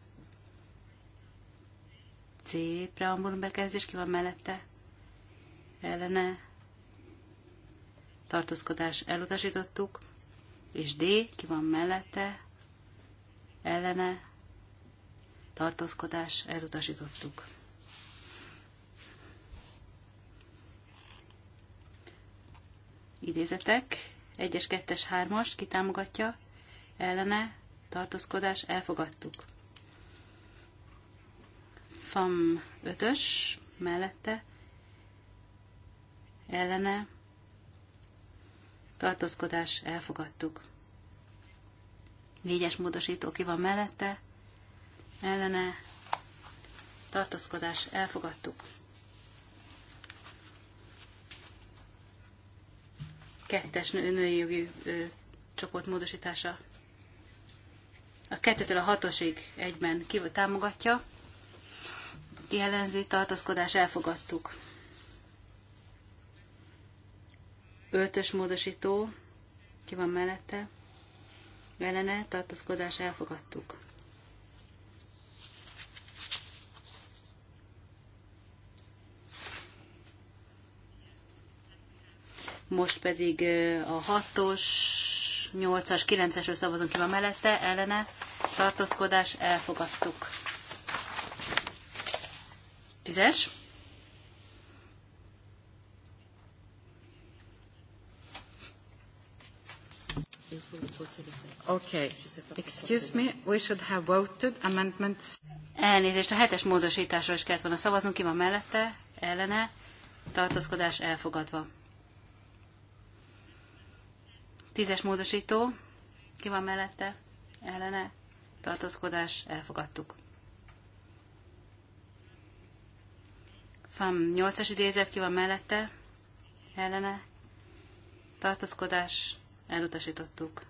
C, preambulum bekezdés, ki van mellette, ellene, tartózkodás, elutasítottuk és D, ki van mellette, ellene, tartózkodás, elutasítottuk. Idézetek, 1-es, 2-es, 3-as, ki támogatja, ellene, tartózkodás, elfogadtuk. FAM 5-ös, mellette, ellene, tartózkodás elfogadtuk. Négyes módosító ki van mellette, ellene tartózkodás elfogadtuk. Kettes nő, női jogi ö, csoport módosítása. A kettőtől a hatosig egyben kívül támogatja, kiellenzi, tartózkodás elfogadtuk. Ötös módosító, ki van mellette, ellene tartózkodás elfogadtuk. Most pedig a 6-os, 8-as, 9-esről szavazunk ki van mellette, ellene tartózkodás elfogadtuk. 10-es. Okay. Excuse me, we should have voted amendments. Elnézést, a hetes módosításra is kellett volna szavaznunk, ki van mellette, ellene, tartózkodás elfogadva. Tízes módosító, ki van mellette, ellene, tartózkodás elfogadtuk. FAM 8-as idézet, ki van mellette, ellene, tartózkodás elutasítottuk.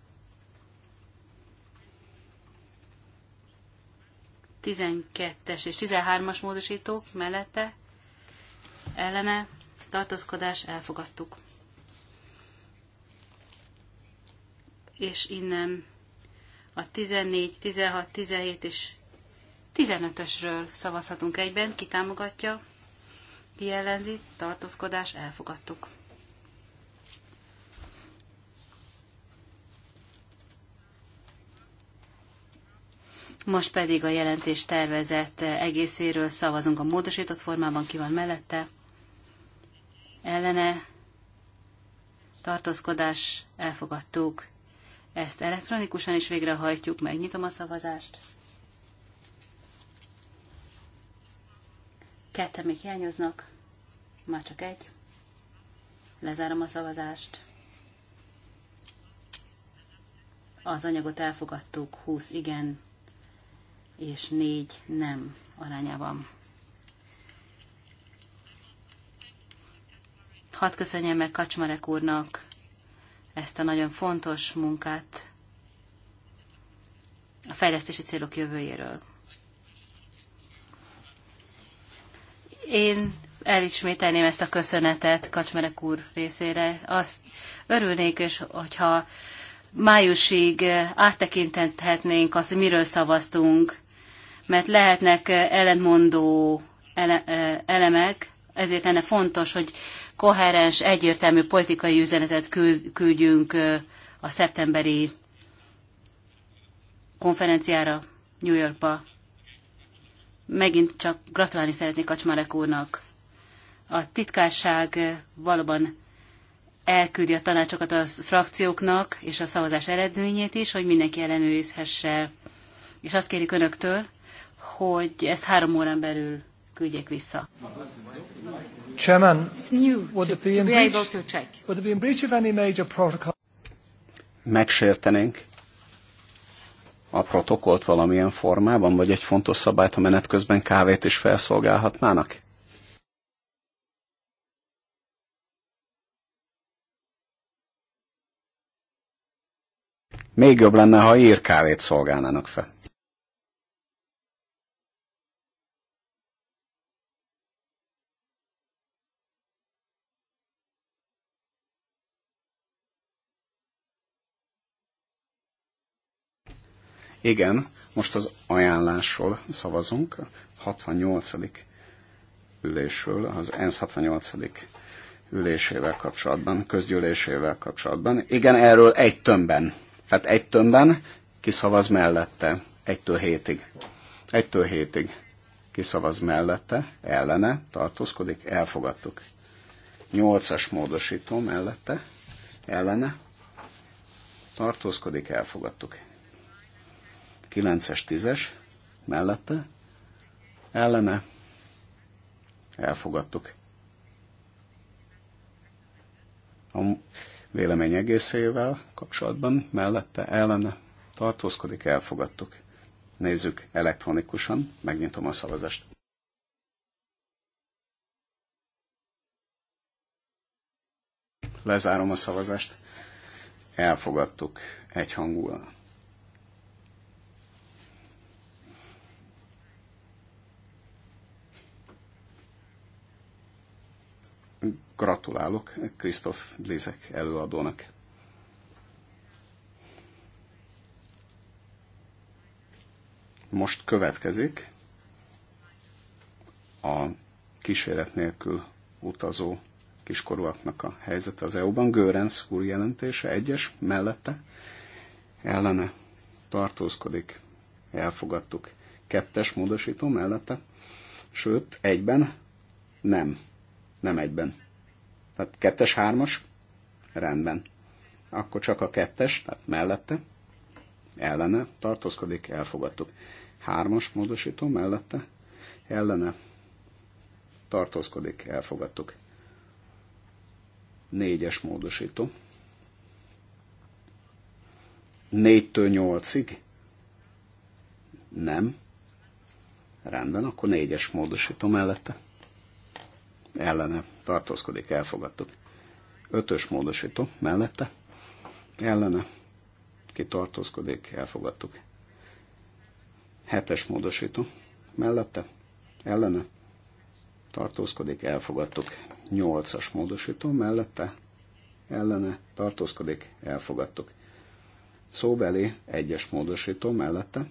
12-es és 13-as módosítók mellette ellene tartózkodás elfogadtuk. És innen a 14, 16, 17 és 15-ösről szavazhatunk egyben, ki támogatja, ki ellenzi, tartózkodás elfogadtuk. Most pedig a jelentés tervezett egészéről szavazunk a módosított formában, ki van mellette. Ellene tartózkodás elfogadtuk. Ezt elektronikusan is végrehajtjuk, megnyitom a szavazást. Kettő még hiányoznak, már csak egy. Lezárom a szavazást. Az anyagot elfogadtuk, 20 igen, és 4 nem van. Hadd köszönjem meg Kacsmarek úrnak ezt a nagyon fontos munkát a fejlesztési célok jövőjéről. Én elismételném ezt a köszönetet Kacsmerek úr részére. Azt örülnék, és hogyha májusig áttekinthetnénk azt, hogy miről szavaztunk, mert lehetnek eh, ellentmondó eh, elemek, ezért lenne fontos, hogy koherens, egyértelmű politikai üzenetet küldjünk eh, a szeptemberi konferenciára New Yorkba. Megint csak gratulálni szeretnék Kacsmarek úrnak. A titkárság valóban elküldi a tanácsokat a frakcióknak, és a szavazás eredményét is, hogy mindenki ellenőrizhesse. És azt kérik önöktől, hogy ezt három órán belül küldjék vissza. Chairman, would it be in breach, would it be in breach of any major protocol? Megsértenénk a protokollt valamilyen formában, vagy egy fontos szabályt, a menet közben kávét is felszolgálhatnának? Még jobb lenne, ha ír kávét szolgálnának fel. Igen, most az ajánlásról szavazunk, 68. ülésről, az ENSZ 68 ülésével kapcsolatban, közgyűlésével kapcsolatban. Igen, erről egy tömbben. Tehát egy tömbben kiszavaz mellette, egytől hétig. Egytől hétig kiszavaz mellette, ellene, tartózkodik, elfogadtuk. Nyolcas módosító mellette, ellene, tartózkodik, elfogadtuk. 9-es, 10-es mellette, ellene elfogadtuk. A vélemény egészével kapcsolatban mellette, ellene tartózkodik, elfogadtuk. Nézzük elektronikusan, megnyitom a szavazást. Lezárom a szavazást. Elfogadtuk egyhangúan. Gratulálok Krisztof Lizek előadónak. Most következik a kíséret nélkül utazó kiskorúaknak a helyzete az EU-ban. Görenc úr jelentése egyes mellette ellene tartózkodik, elfogadtuk. Kettes módosító mellette, sőt, egyben nem, nem egyben. Tehát kettes, hármas? Rendben. Akkor csak a kettes, tehát mellette, ellene, tartózkodik, elfogadtuk. Hármas módosító mellette, ellene, tartózkodik, elfogadtuk. Négyes módosító. Négytől nyolcig? Nem. Rendben, akkor négyes módosító mellette. Ellene tartózkodik, elfogadtuk. Ötös módosító mellette, ellene, ki tartózkodik, elfogadtuk. Hetes módosító mellette, ellene, tartózkodik, elfogadtuk. Nyolcas módosító mellette, ellene, tartózkodik, elfogadtuk. Szóbeli egyes módosító mellette,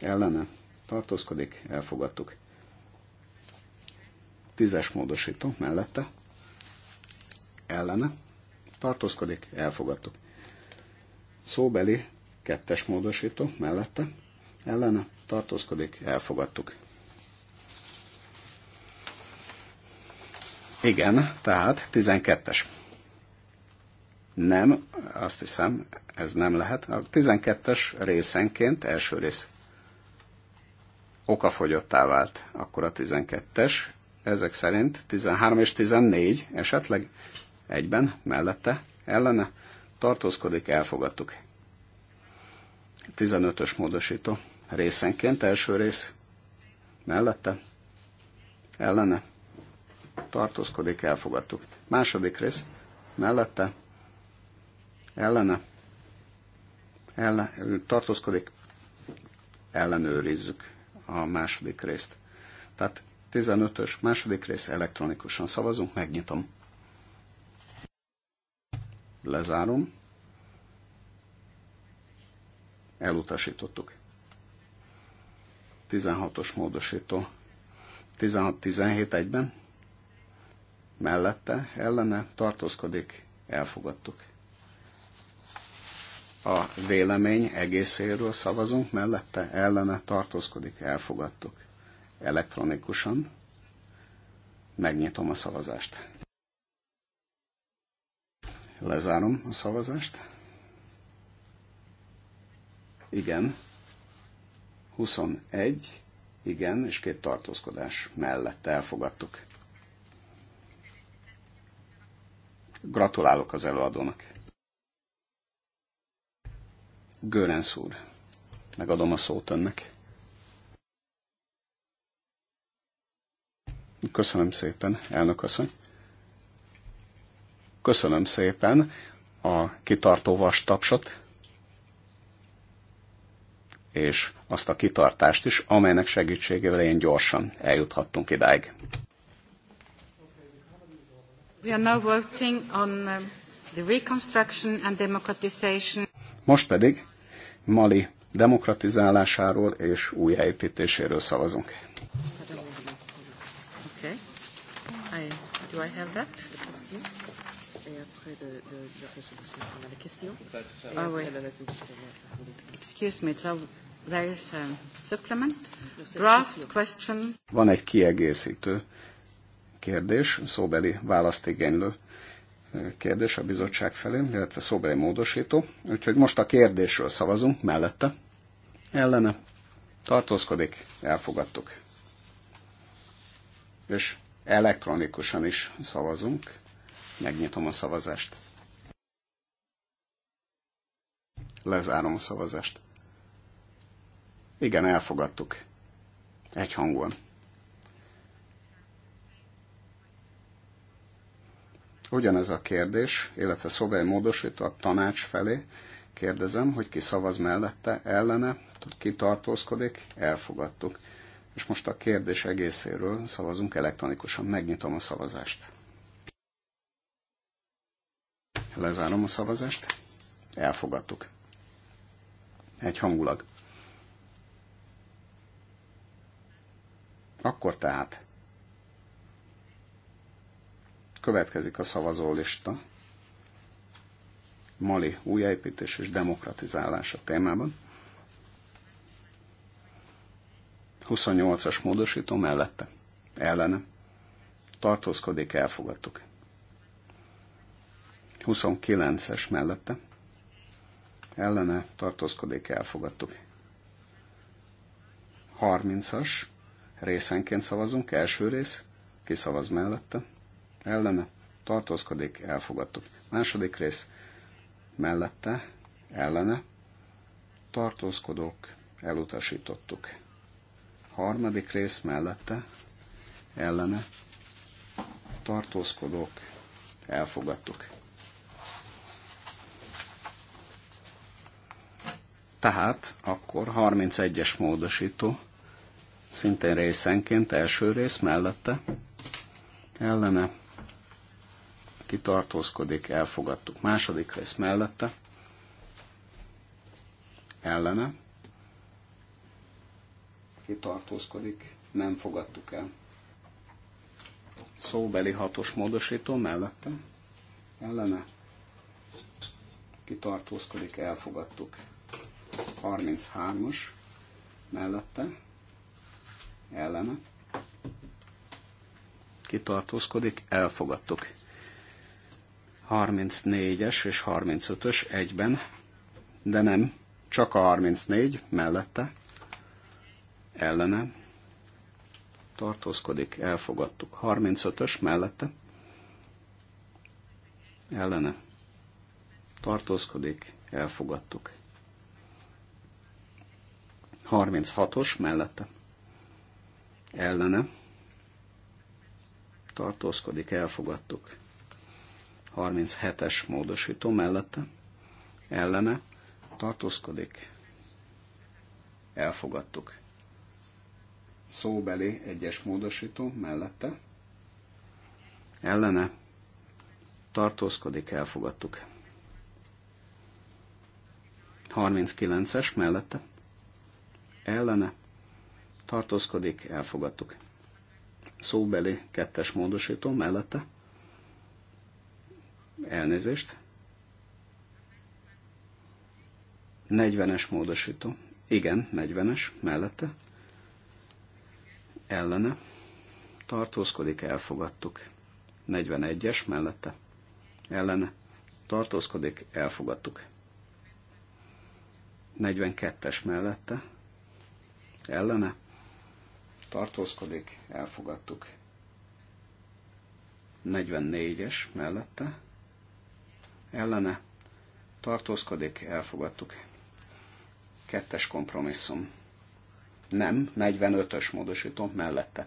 ellene, tartózkodik, elfogadtuk Tízes módosító mellette ellene tartózkodik, elfogadtuk. Szóbeli kettes módosító mellette ellene tartózkodik, elfogadtuk. Igen, tehát 12-es. Nem, azt hiszem, ez nem lehet. A 12-es részenként első rész okafogyottá vált, akkor a 12-es ezek szerint 13 és 14 esetleg egyben, mellette, ellene tartózkodik, elfogadtuk. 15-ös módosító részenként, első rész mellette, ellene tartózkodik, elfogadtuk. Második rész mellette, ellene, ellen, tartózkodik, ellenőrizzük a második részt. Tehát 15-ös második rész elektronikusan szavazunk, megnyitom. Lezárom. Elutasítottuk. 16-os módosító. 16-17 egyben. Mellette, ellene tartózkodik, elfogadtuk. A vélemény egészéről szavazunk, mellette, ellene tartózkodik, elfogadtuk elektronikusan. Megnyitom a szavazást. Lezárom a szavazást. Igen. 21, igen, és két tartózkodás mellett elfogadtuk. Gratulálok az előadónak. Görensz úr, megadom a szót önnek. Köszönöm szépen, elnök asszony. Köszönöm szépen a kitartó vastapsot, és azt a kitartást is, amelynek segítségével én gyorsan eljuthattunk idáig. Um, Most pedig Mali demokratizálásáról és újjáépítéséről szavazunk. Do I have that? Et après de, de, la résolution, on a des questions. Ah oui. Excuse me, so there is a supplement. Draft question. Van egy kiegészítő kérdés, szóbeli választigénylő kérdés a bizottság felé, illetve szóbeli módosító. Úgyhogy most a kérdésről szavazunk, mellette. Ellene. Tartózkodik, elfogadtuk. És elektronikusan is szavazunk. Megnyitom a szavazást. Lezárom a szavazást. Igen, elfogadtuk. Egy hangon. Ugyanez a kérdés, illetve szobai módosító a tanács felé. Kérdezem, hogy ki szavaz mellette, ellene, ki tartózkodik, elfogadtuk. És most a kérdés egészéről szavazunk elektronikusan. Megnyitom a szavazást. Lezárom a szavazást. Elfogadtuk. Egy hangulag. Akkor tehát következik a szavazólista Mali újjáépítés és demokratizálása témában. 28-as módosító mellette. Ellene. Tartózkodik, elfogadtuk. 29-es mellette. Ellene tartózkodik, elfogadtuk. 30-as részenként szavazunk, első rész, kiszavaz mellette. Ellene tartózkodik, elfogadtuk. Második rész, mellette, ellene, tartózkodók, elutasítottuk. Harmadik rész mellette ellene tartózkodók elfogadtuk. Tehát akkor 31-es módosító, szintén részenként első rész mellette ellene kitartózkodik, elfogadtuk. Második rész mellette ellene ki tartózkodik, nem fogadtuk el. Szóbeli hatos módosító mellette, ellene, ki tartózkodik, elfogadtuk. 33 os mellette, ellene, ki tartózkodik, elfogadtuk. 34-es és 35-ös egyben, de nem, csak a 34 mellette, ellene tartózkodik, elfogadtuk. 35-ös mellette ellene tartózkodik, elfogadtuk. 36-os mellette ellene tartózkodik, elfogadtuk. 37-es módosító mellette ellene tartózkodik, elfogadtuk szóbeli egyes módosító mellette ellene tartózkodik, elfogadtuk. 39-es mellette ellene tartózkodik, elfogadtuk. Szóbeli kettes módosító mellette elnézést. 40-es módosító. Igen, 40-es mellette ellene tartózkodik, elfogadtuk. 41-es mellette ellene tartózkodik, elfogadtuk. 42-es mellette ellene tartózkodik, elfogadtuk. 44-es mellette ellene tartózkodik, elfogadtuk. Kettes kompromisszum nem, 45-ös módosítom mellette.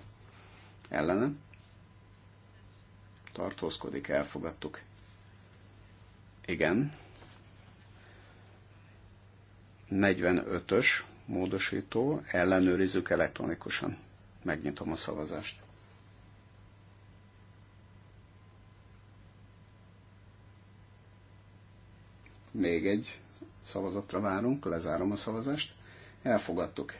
Ellenem. Tartózkodik, elfogadtuk. Igen. 45-ös módosító, ellenőrizzük elektronikusan. Megnyitom a szavazást. Még egy szavazatra várunk, lezárom a szavazást. Elfogadtuk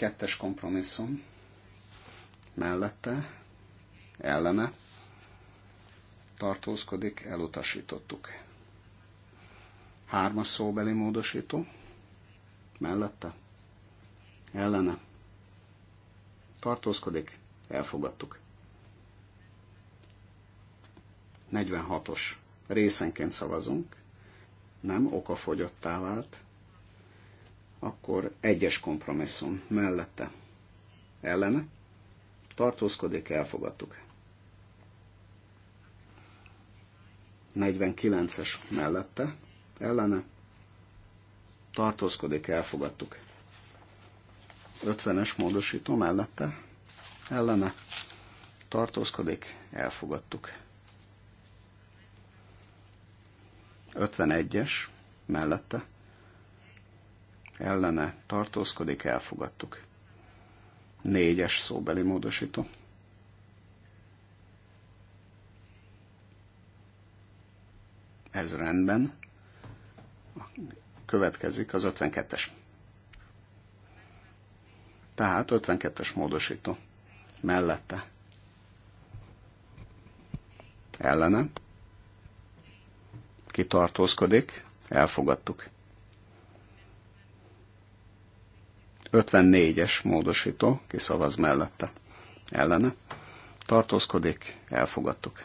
Kettes kompromisszum mellette, ellene tartózkodik, elutasítottuk. Hármas szóbeli módosító mellette, ellene tartózkodik, elfogadtuk. 46-os részenként szavazunk, nem okafogyottá vált, akkor egyes kompromisszum mellette ellene tartózkodik, elfogadtuk. 49-es mellette ellene tartózkodik, elfogadtuk. 50-es módosító mellette ellene tartózkodik, elfogadtuk. 51-es mellette ellene tartózkodik, elfogadtuk. Négyes szóbeli módosító. Ez rendben. Következik az 52-es. Tehát 52-es módosító. Mellette. Ellene. Ki tartózkodik, elfogadtuk. 54-es módosító szavaz mellette. Ellene. Tartózkodik, elfogadtuk.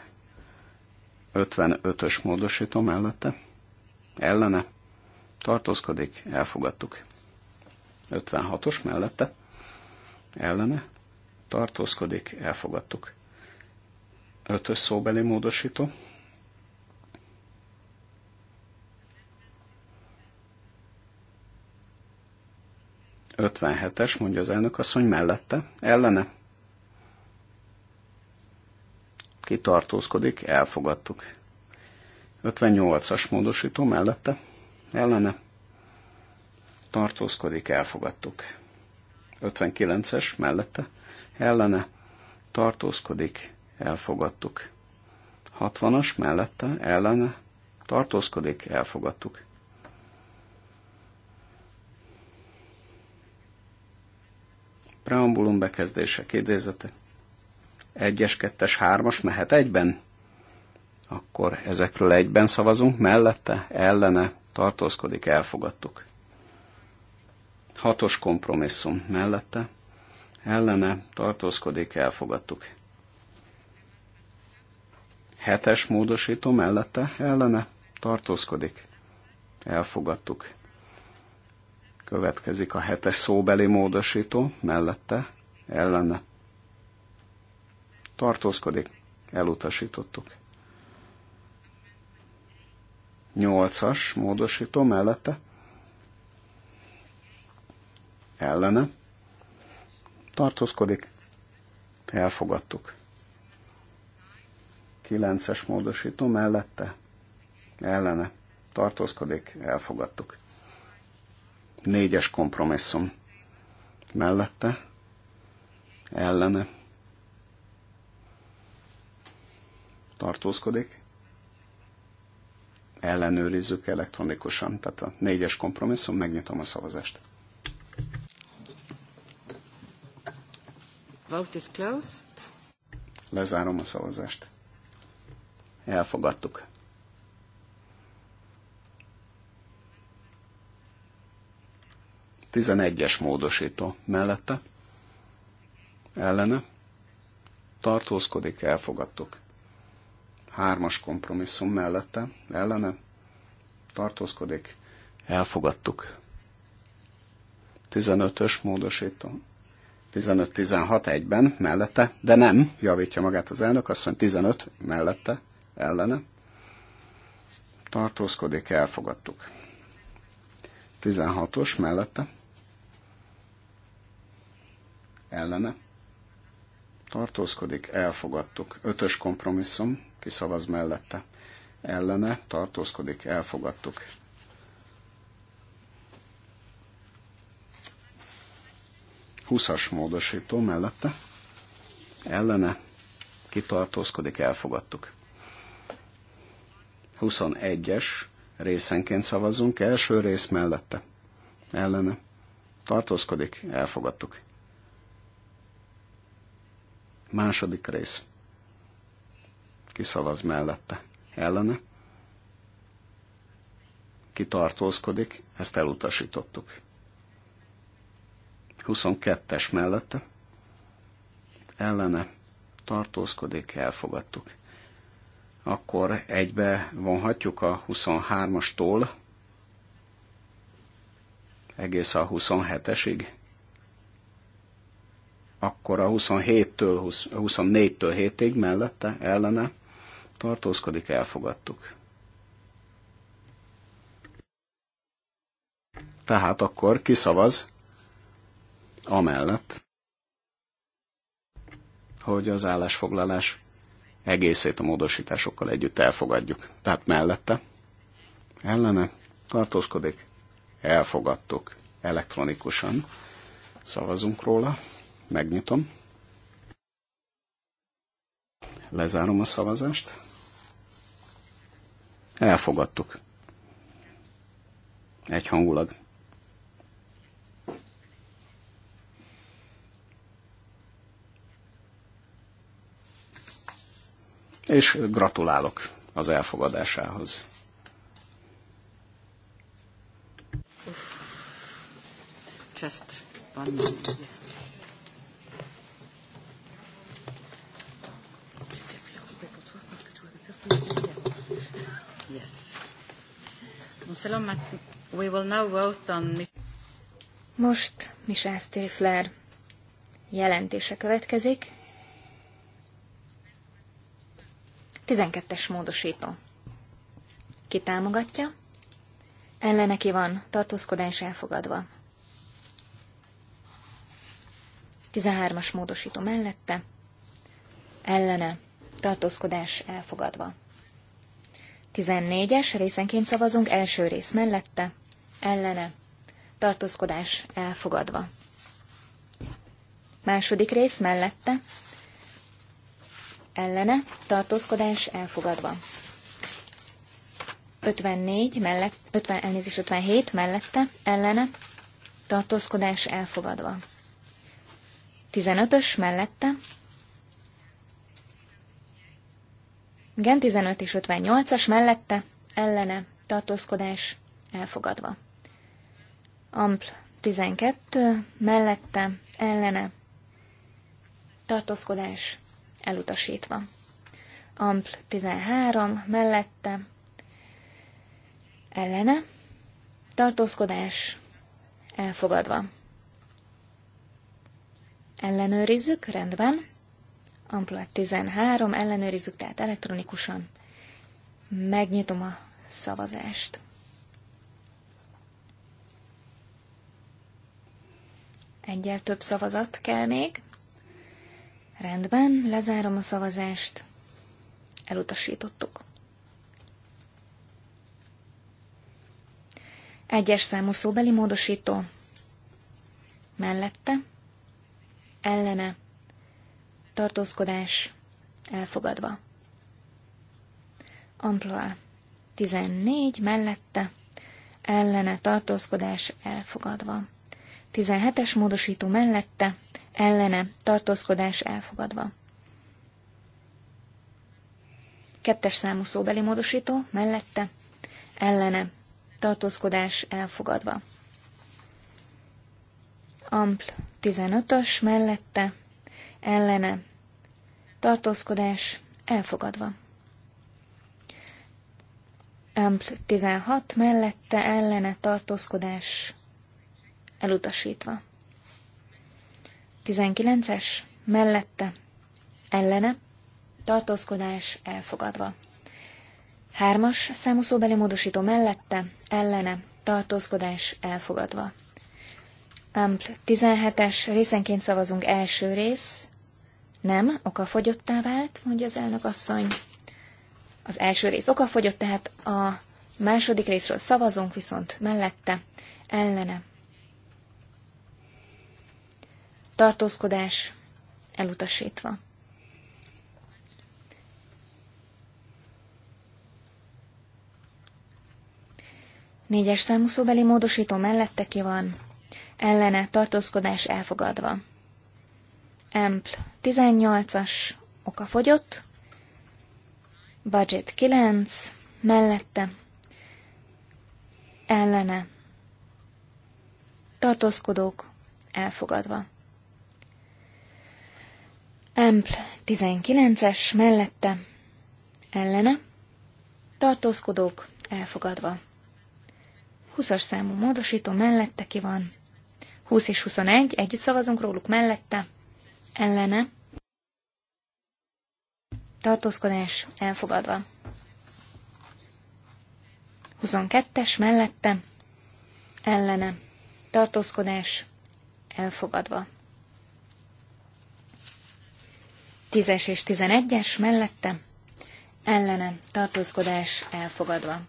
55-ös módosító mellette. Ellene. Tartózkodik, elfogadtuk. 56-os mellette. Ellene. Tartózkodik, elfogadtuk. 5-ös szóbeli módosító 57-es, mondja az elnök asszony, mellette, ellene. Ki elfogadtuk. 58-as módosító mellette, ellene. Tartózkodik, elfogadtuk. 59-es mellette, ellene. Tartózkodik, elfogadtuk. 60-as mellette, ellene. Tartózkodik, elfogadtuk. Preambulum bekezdése, kérdézete. Egyes, kettes, hármas mehet egyben? Akkor ezekről egyben szavazunk, mellette, ellene, tartózkodik, elfogadtuk. Hatos kompromisszum mellette, ellene, tartózkodik, elfogadtuk. Hetes módosító mellette, ellene, tartózkodik, elfogadtuk. Következik a hetes szóbeli módosító, mellette, ellene. Tartózkodik, elutasítottuk. Nyolcas módosító mellette, ellene. Tartózkodik, elfogadtuk. Kilences módosító mellette, ellene. Tartózkodik, elfogadtuk Négyes kompromisszum mellette, ellene tartózkodik. Ellenőrizzük elektronikusan, tehát a négyes kompromisszum, megnyitom a szavazást. Vote is closed. Lezárom a szavazást. Elfogadtuk. 11-es módosító mellette, ellene, tartózkodik, elfogadtuk. Hármas kompromisszum mellette, ellene, tartózkodik, elfogadtuk. 15-ös módosító. 15-16 egyben, mellette, de nem, javítja magát az elnök, azt mondja 15 mellette, ellene. Tartózkodik, elfogadtuk. 16-os mellette, ellene tartózkodik, elfogadtuk. Ötös kompromisszum, kiszavaz mellette, ellene tartózkodik, elfogadtuk. Huszas módosító mellette, ellene kitartózkodik, elfogadtuk. 21-es részenként szavazunk, első rész mellette, ellene tartózkodik, elfogadtuk Második rész. Kiszavaz mellette. Ellene. Kitartózkodik, ezt elutasítottuk. 22-es mellette. Ellene. Tartózkodik, elfogadtuk. Akkor egybe vonhatjuk a 23-astól egész a 27-esig akkor a 27-től 24-től 7-ig mellette ellene tartózkodik, elfogadtuk. Tehát akkor kiszavaz amellett, hogy az állásfoglalás egészét a módosításokkal együtt elfogadjuk. Tehát mellette, ellene tartózkodik, elfogadtuk elektronikusan, szavazunk róla. Megnyitom. Lezárom a szavazást. Elfogadtuk. Egyhangulag. És gratulálok az elfogadásához. Just one moment, yes. We will now vote on... Most Michel Stifler jelentése következik. 12-es módosító. Ki támogatja? Ellene ki van, tartózkodás elfogadva. 13-as módosító mellette. Ellene, tartózkodás elfogadva. 14-es részenként szavazunk első rész mellette, ellene, tartózkodás elfogadva. Második rész mellette, ellene, tartózkodás elfogadva. 54 mellett, 50 elnézés 57 mellette, ellene, tartózkodás elfogadva. 15-ös mellette, Gen 15 és 58-as mellette, ellene, tartózkodás elfogadva. Ampl 12 mellette, ellene, tartózkodás elutasítva. Ampl 13 mellette, ellene, tartózkodás elfogadva. Ellenőrizzük, rendben. Amplua 13, ellenőrizzük tehát elektronikusan. Megnyitom a szavazást. Egyel több szavazat kell még. Rendben, lezárom a szavazást. Elutasítottuk. Egyes számú szóbeli módosító. Mellette. Ellene tartózkodás elfogadva. Amploa 14 mellette, ellene tartózkodás elfogadva. 17-es módosító mellette, ellene tartózkodás elfogadva. Kettes számú szóbeli módosító mellette, ellene tartózkodás elfogadva. Ampl 15-ös mellette, ellene, tartózkodás elfogadva. Ampl 16 mellette ellene tartózkodás elutasítva. 19-es mellette ellene tartózkodás elfogadva. 3-as számú szóbeli módosító mellette ellene tartózkodás elfogadva. Ampl 17-es részenként szavazunk első rész nem, okafogyottá vált, mondja az elnök asszony. Az első rész okafogyott, tehát a második részről szavazunk, viszont mellette, ellene. Tartózkodás elutasítva. Négyes számú szóbeli módosító mellette ki van, ellene tartózkodás elfogadva. Empl 18-as oka fogyott, budget 9, mellette, ellene, tartózkodók elfogadva. Empl 19-es mellette, ellene, tartózkodók elfogadva. 20-as számú módosító mellette ki van, 20 és 21, együtt szavazunk róluk mellette, ellene, tartózkodás elfogadva. 22-es mellette, ellene, tartózkodás elfogadva. 10-es és 11-es mellette, ellene, tartózkodás elfogadva.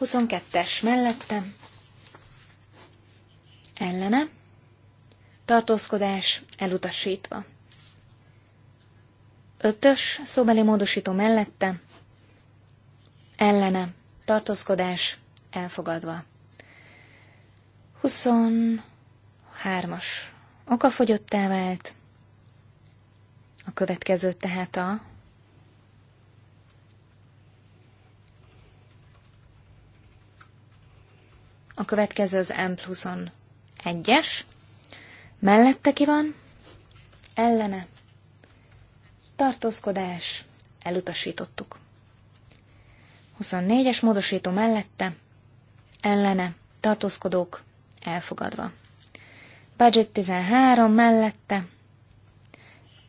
22-es mellette, ellene, tartózkodás elutasítva. Ötös szóbeli módosító mellette, ellene, tartózkodás elfogadva. 23-as okafogyottá vált, a következő tehát a A következő az M pluszon 1-es, Mellette ki van? Ellene. Tartózkodás. Elutasítottuk. 24-es módosító mellette. Ellene. Tartózkodók. Elfogadva. Budget 13 mellette.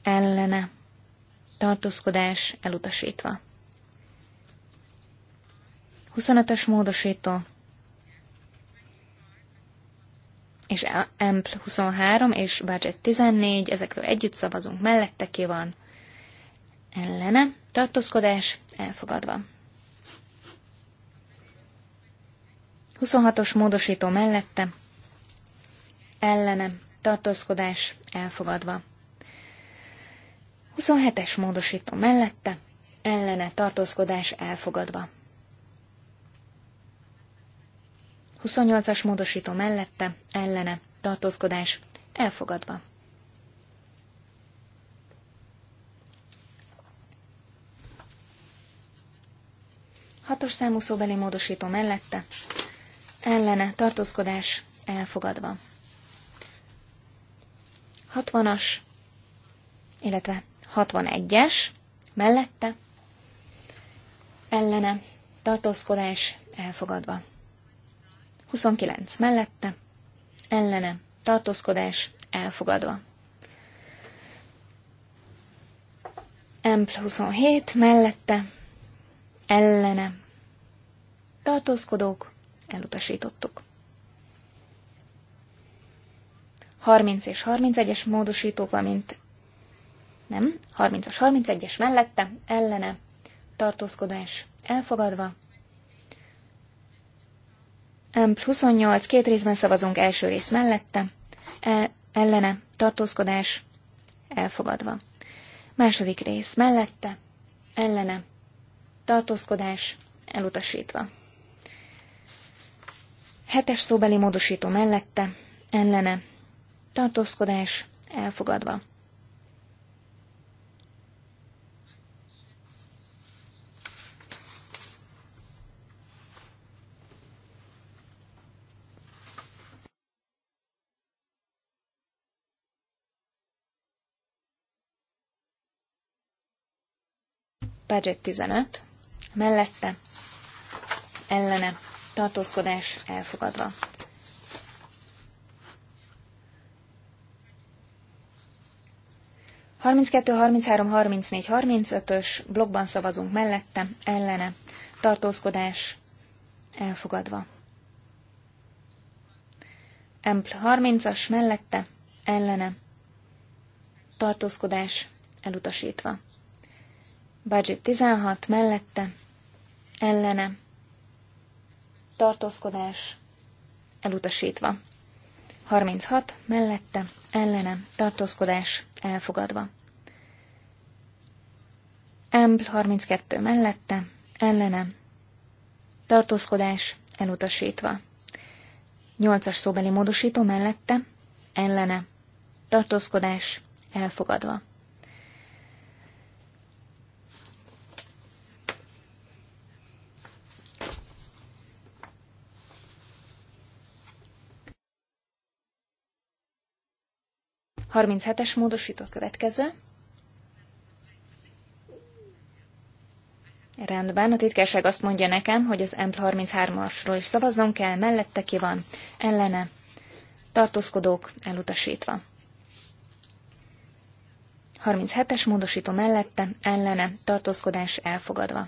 Ellene. Tartózkodás elutasítva. 25-ös módosító és EMP 23 és Budget 14, ezekről együtt szavazunk, mellette ki van ellene, tartózkodás elfogadva. 26-os módosító mellette, ellene, tartózkodás elfogadva. 27-es módosító mellette, ellene, tartózkodás elfogadva. 28-as módosító mellette, ellene, tartózkodás, elfogadva. Hatos számú szóbeli módosító mellette, ellene, tartózkodás, elfogadva. 60-as, illetve 61-es, mellette, ellene, tartózkodás, elfogadva. 29 mellette, ellene, tartózkodás, elfogadva. Empl 27 mellette, ellene, tartózkodók, elutasítottuk. 30 és 31-es módosítók, valamint nem, 30-as, 31-es mellette, ellene, tartózkodás, elfogadva, M 28, két részben szavazunk első rész mellette, el, ellene, tartózkodás, elfogadva. Második rész mellette, ellene, tartózkodás, elutasítva. Hetes szóbeli módosító mellette, ellene, tartózkodás, elfogadva. Budget 15, mellette, ellene, tartózkodás elfogadva. Harminc harminc kettő három harminc négy harminc ötös blokkban szavazunk mellette, ellene, tartózkodás elfogadva. Empl 30-as mellette, ellene, tartózkodás elutasítva. Budget 16 mellette, ellene, tartózkodás, elutasítva. 36 mellette, ellene, tartózkodás, elfogadva. Embl 32 mellette, ellene, tartózkodás, elutasítva. 8-as szóbeli módosító mellette, ellene, tartózkodás, elfogadva. 37-es módosító következő. Rendben, a titkárság azt mondja nekem, hogy az EMPL 33-asról is szavazzon kell, mellette ki van, ellene, tartózkodók elutasítva. 37-es módosító mellette, ellene, tartózkodás elfogadva.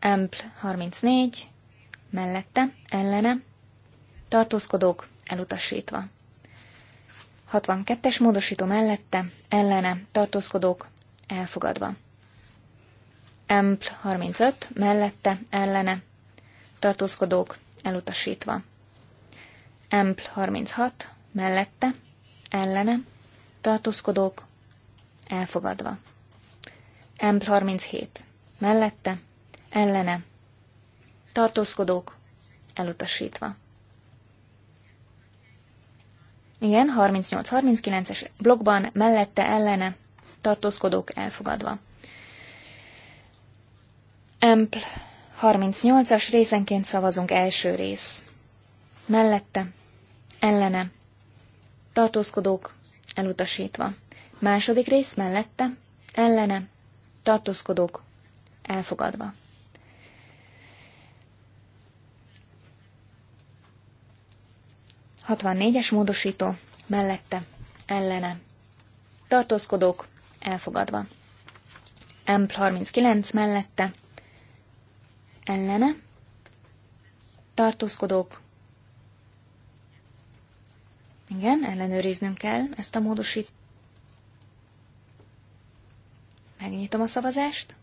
EMPL 34, mellette, ellene, tartózkodók elutasítva. 62-es módosító mellette, ellene, tartózkodók, elfogadva. Empl 35, mellette, ellene, tartózkodók, elutasítva. Empl 36, mellette, ellene, tartózkodók, elfogadva. Empl 37, mellette, ellene, tartózkodók, elutasítva. Igen, 38-39-es blokkban mellette ellene tartózkodók elfogadva. Empl 38-as részenként szavazunk első rész. Mellette, ellene, tartózkodók elutasítva. Második rész mellette, ellene, tartózkodók elfogadva. 64-es módosító mellette ellene. Tartózkodók elfogadva. Empl 39 mellette ellene. Tartózkodók. Igen, ellenőriznünk kell ezt a módosítót. Megnyitom a szavazást.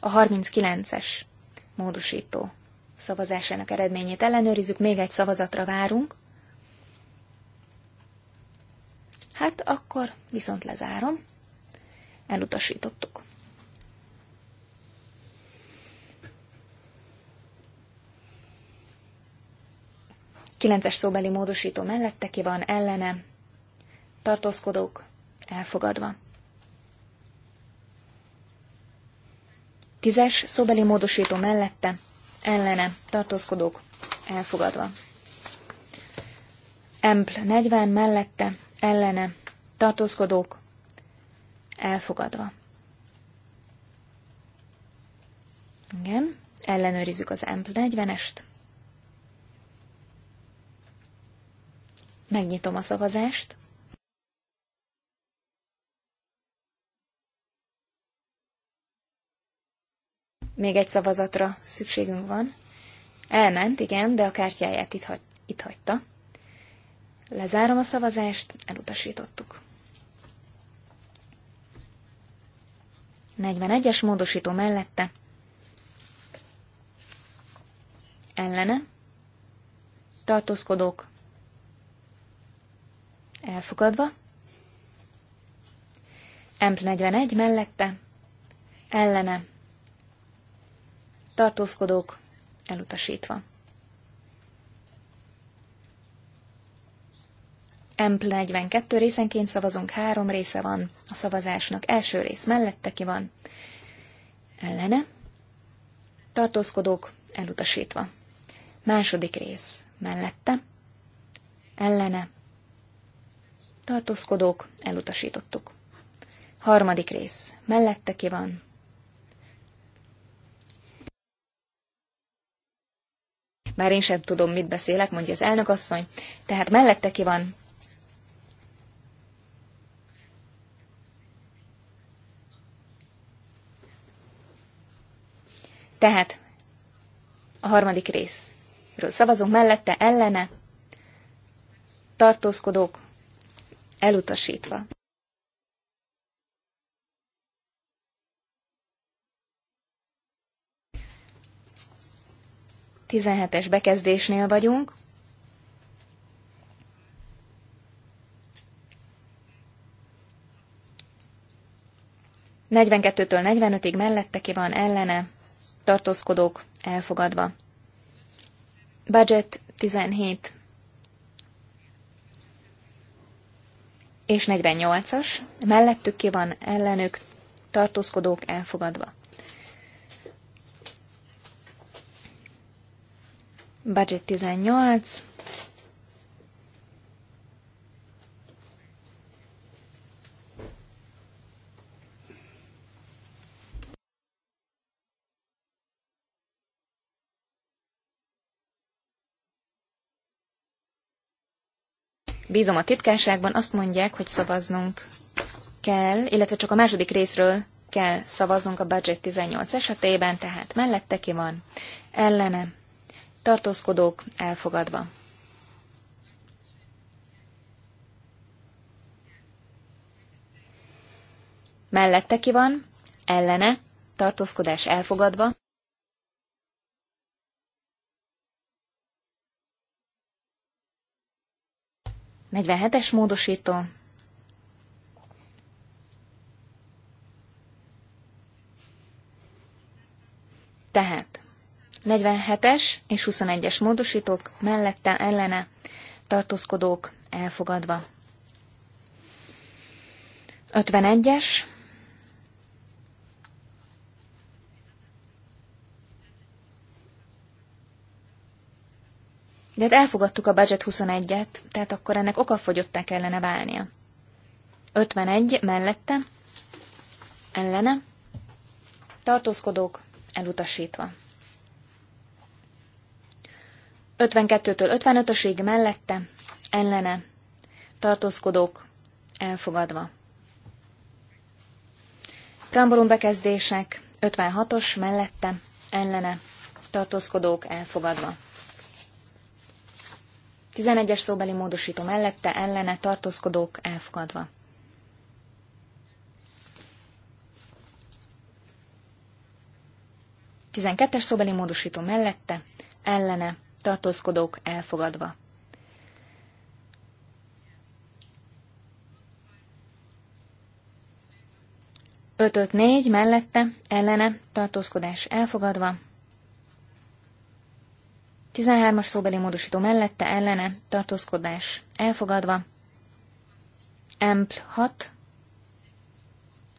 A 39-es módosító szavazásának eredményét ellenőrizzük, még egy szavazatra várunk. Hát akkor viszont lezárom. Elutasítottuk. Kilences szóbeli módosító mellette ki van ellene. Tartózkodók elfogadva. Tízes szóbeli módosító mellette ellene tartózkodók elfogadva. Empl 40 mellette ellene tartózkodók elfogadva. Igen, ellenőrizzük az Empl 40-est. Megnyitom a szavazást. Még egy szavazatra szükségünk van. Elment, igen, de a kártyáját itt, hagy, itt hagyta. Lezárom a szavazást, elutasítottuk. 41-es módosító mellette. Ellene. Tartózkodók. Elfogadva. Emp 41 mellette. Ellene tartózkodók elutasítva. Empl 42 részenként szavazunk, három része van a szavazásnak. Első rész mellette ki van, ellene, tartózkodók elutasítva. Második rész mellette, ellene, tartózkodók elutasítottuk. Harmadik rész mellette ki van, Már én sem tudom, mit beszélek, mondja az asszony. Tehát mellette ki van. Tehát a harmadik részről szavazunk mellette, ellene, tartózkodók, elutasítva. 17-es bekezdésnél vagyunk. Negyvenkettőtől 45-ig mellette ki van ellene, tartózkodók elfogadva. Budget 17 és 48-as, mellettük ki van ellenük, tartózkodók elfogadva. Budget 18. Bízom a titkárságban, azt mondják, hogy szavaznunk kell, illetve csak a második részről kell szavaznunk a budget 18 esetében, tehát mellette ki van, ellene tartózkodók elfogadva. Mellette ki van, ellene, tartózkodás elfogadva. Negyvenhetes módosító. Tehát 47-es és 21-es módosítók mellette ellene tartózkodók elfogadva. 51-es De hát elfogadtuk a budget 21-et, tehát akkor ennek okafogyottá kellene válnia. 51 mellette, ellene, tartózkodók elutasítva. 52-től 55-ösig mellette, ellene, tartózkodók, elfogadva. Preambulum bekezdések 56-os mellette, ellene, tartózkodók, elfogadva. 11-es szóbeli módosító mellette, ellene, tartózkodók, elfogadva. Tizenkettes szóbeli módosító mellette, ellene, tartózkodók elfogadva. Ötöt négy mellette, ellene, tartózkodás elfogadva. 13-as szóbeli módosító mellette, ellene, tartózkodás elfogadva. Empl 6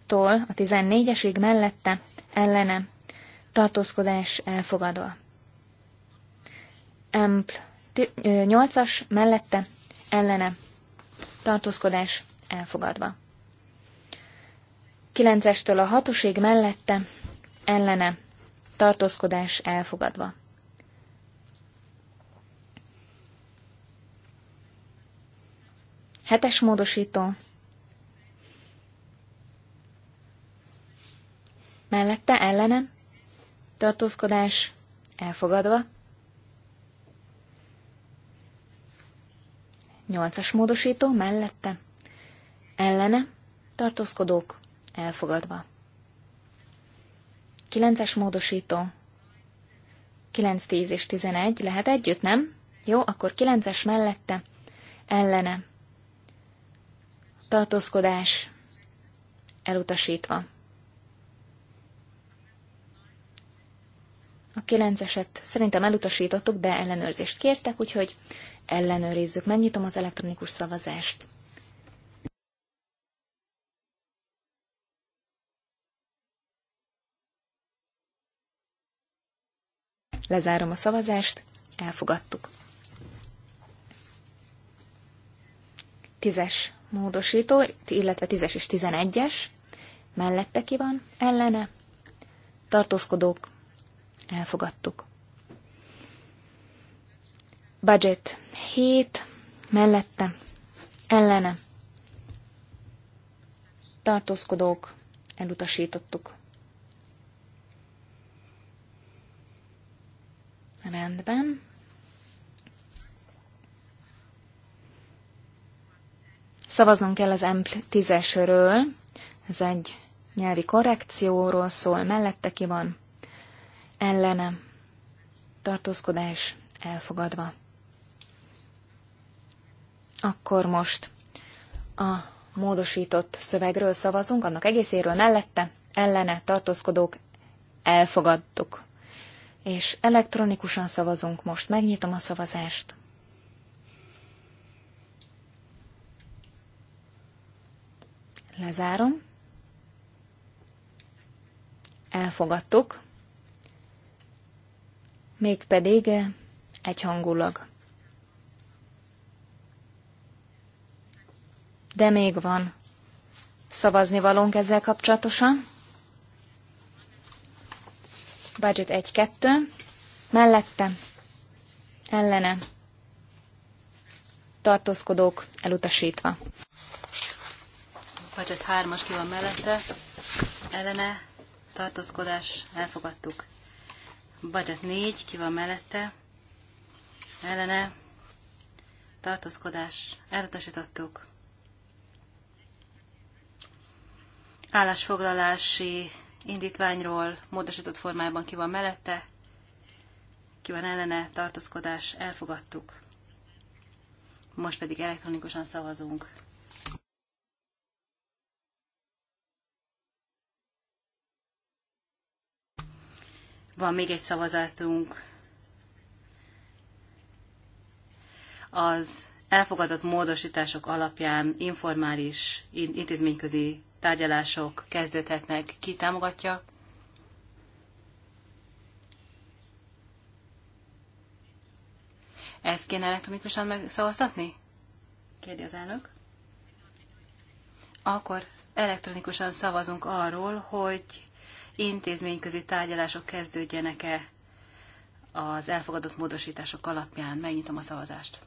tól a 14-esig mellette, ellene, tartózkodás elfogadva ampl 8-as mellette ellene tartózkodás elfogadva. 9-estől a 6 mellette ellene tartózkodás elfogadva. Hetes módosító. Mellette ellene Tartózkodás elfogadva. Nyolcas módosító mellette. Ellene. Tartózkodók. Elfogadva. Kilences módosító. 9, 10 és 11 lehet együtt, nem? Jó, akkor 9-es mellette. Ellene. Tartózkodás. Elutasítva. A 9-eset szerintem elutasítottuk, de ellenőrzést kértek, úgyhogy ellenőrizzük. Megnyitom az elektronikus szavazást. Lezárom a szavazást, elfogadtuk. Tízes módosító, illetve tízes és tizenegyes, mellette ki van, ellene, tartózkodók, elfogadtuk. Budget Hét mellette ellene tartózkodók elutasítottuk. Rendben. Szavaznunk kell az M10-esről. Ez egy nyelvi korrekcióról szól. Mellette ki van? Ellene. Tartózkodás elfogadva. Akkor most a módosított szövegről szavazunk, annak egészéről mellette, ellene tartózkodók elfogadtuk. És elektronikusan szavazunk most. Megnyitom a szavazást. Lezárom. Elfogadtuk. Mégpedig egyhangulag. de még van szavazni valónk ezzel kapcsolatosan. Budget 1-2, mellette, ellene, tartózkodók elutasítva. Budget 3-as ki van mellette, ellene, tartózkodás, elfogadtuk. Budget 4, ki van mellette, ellene, tartózkodás, elutasítottuk. állásfoglalási indítványról módosított formájában ki van mellette, ki van ellene, tartózkodás, elfogadtuk. Most pedig elektronikusan szavazunk. Van még egy szavazatunk. Az elfogadott módosítások alapján informális intézményközi tárgyalások kezdődhetnek. Ki támogatja? Ezt kéne elektronikusan megszavaztatni? Kérdi az elnök. Akkor elektronikusan szavazunk arról, hogy intézményközi tárgyalások kezdődjenek-e az elfogadott módosítások alapján. Megnyitom a szavazást.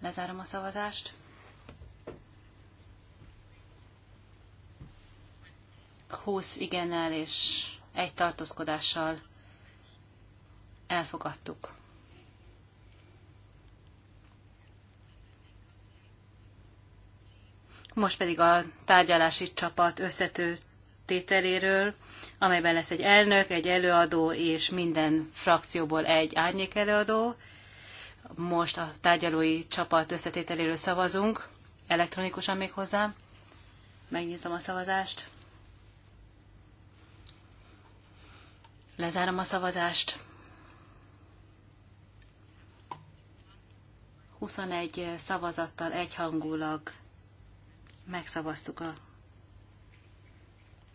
Lezárom a szavazást. Húsz igennel és egy tartózkodással elfogadtuk. Most pedig a tárgyalási csapat összetételéről, amelyben lesz egy elnök, egy előadó és minden frakcióból egy árnyék előadó. Most a tárgyalói csapat összetételéről szavazunk, elektronikusan még hozzá. Megnyitom a szavazást. Lezárom a szavazást. 21 szavazattal egyhangulag megszavaztuk a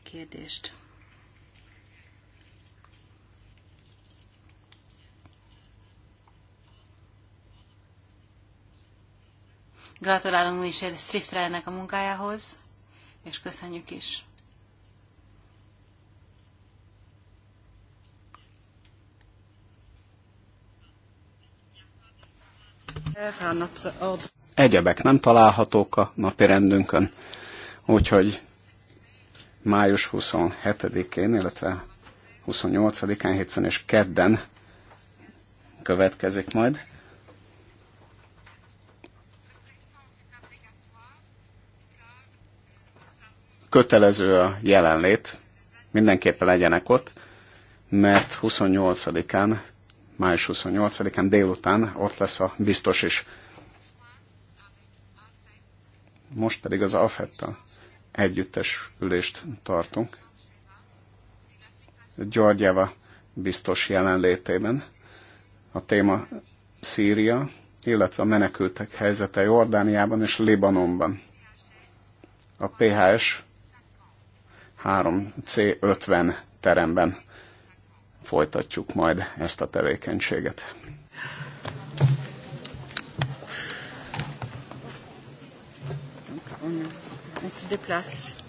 kérdést. Gratulálunk mi is Striftrelnek a munkájához, és köszönjük is. Egyebek nem találhatók a napi rendünkön, úgyhogy május 27-én, illetve 28-án, hétfőn és kedden következik majd kötelező a jelenlét, mindenképpen legyenek ott, mert 28-án, május 28-án délután ott lesz a biztos is. Most pedig az Afetta együttes ülést tartunk. Györgyeva biztos jelenlétében. A téma Szíria, illetve a menekültek helyzete Jordániában és Libanonban. A PHS 3C50 teremben folytatjuk majd ezt a tevékenységet. On se déplace.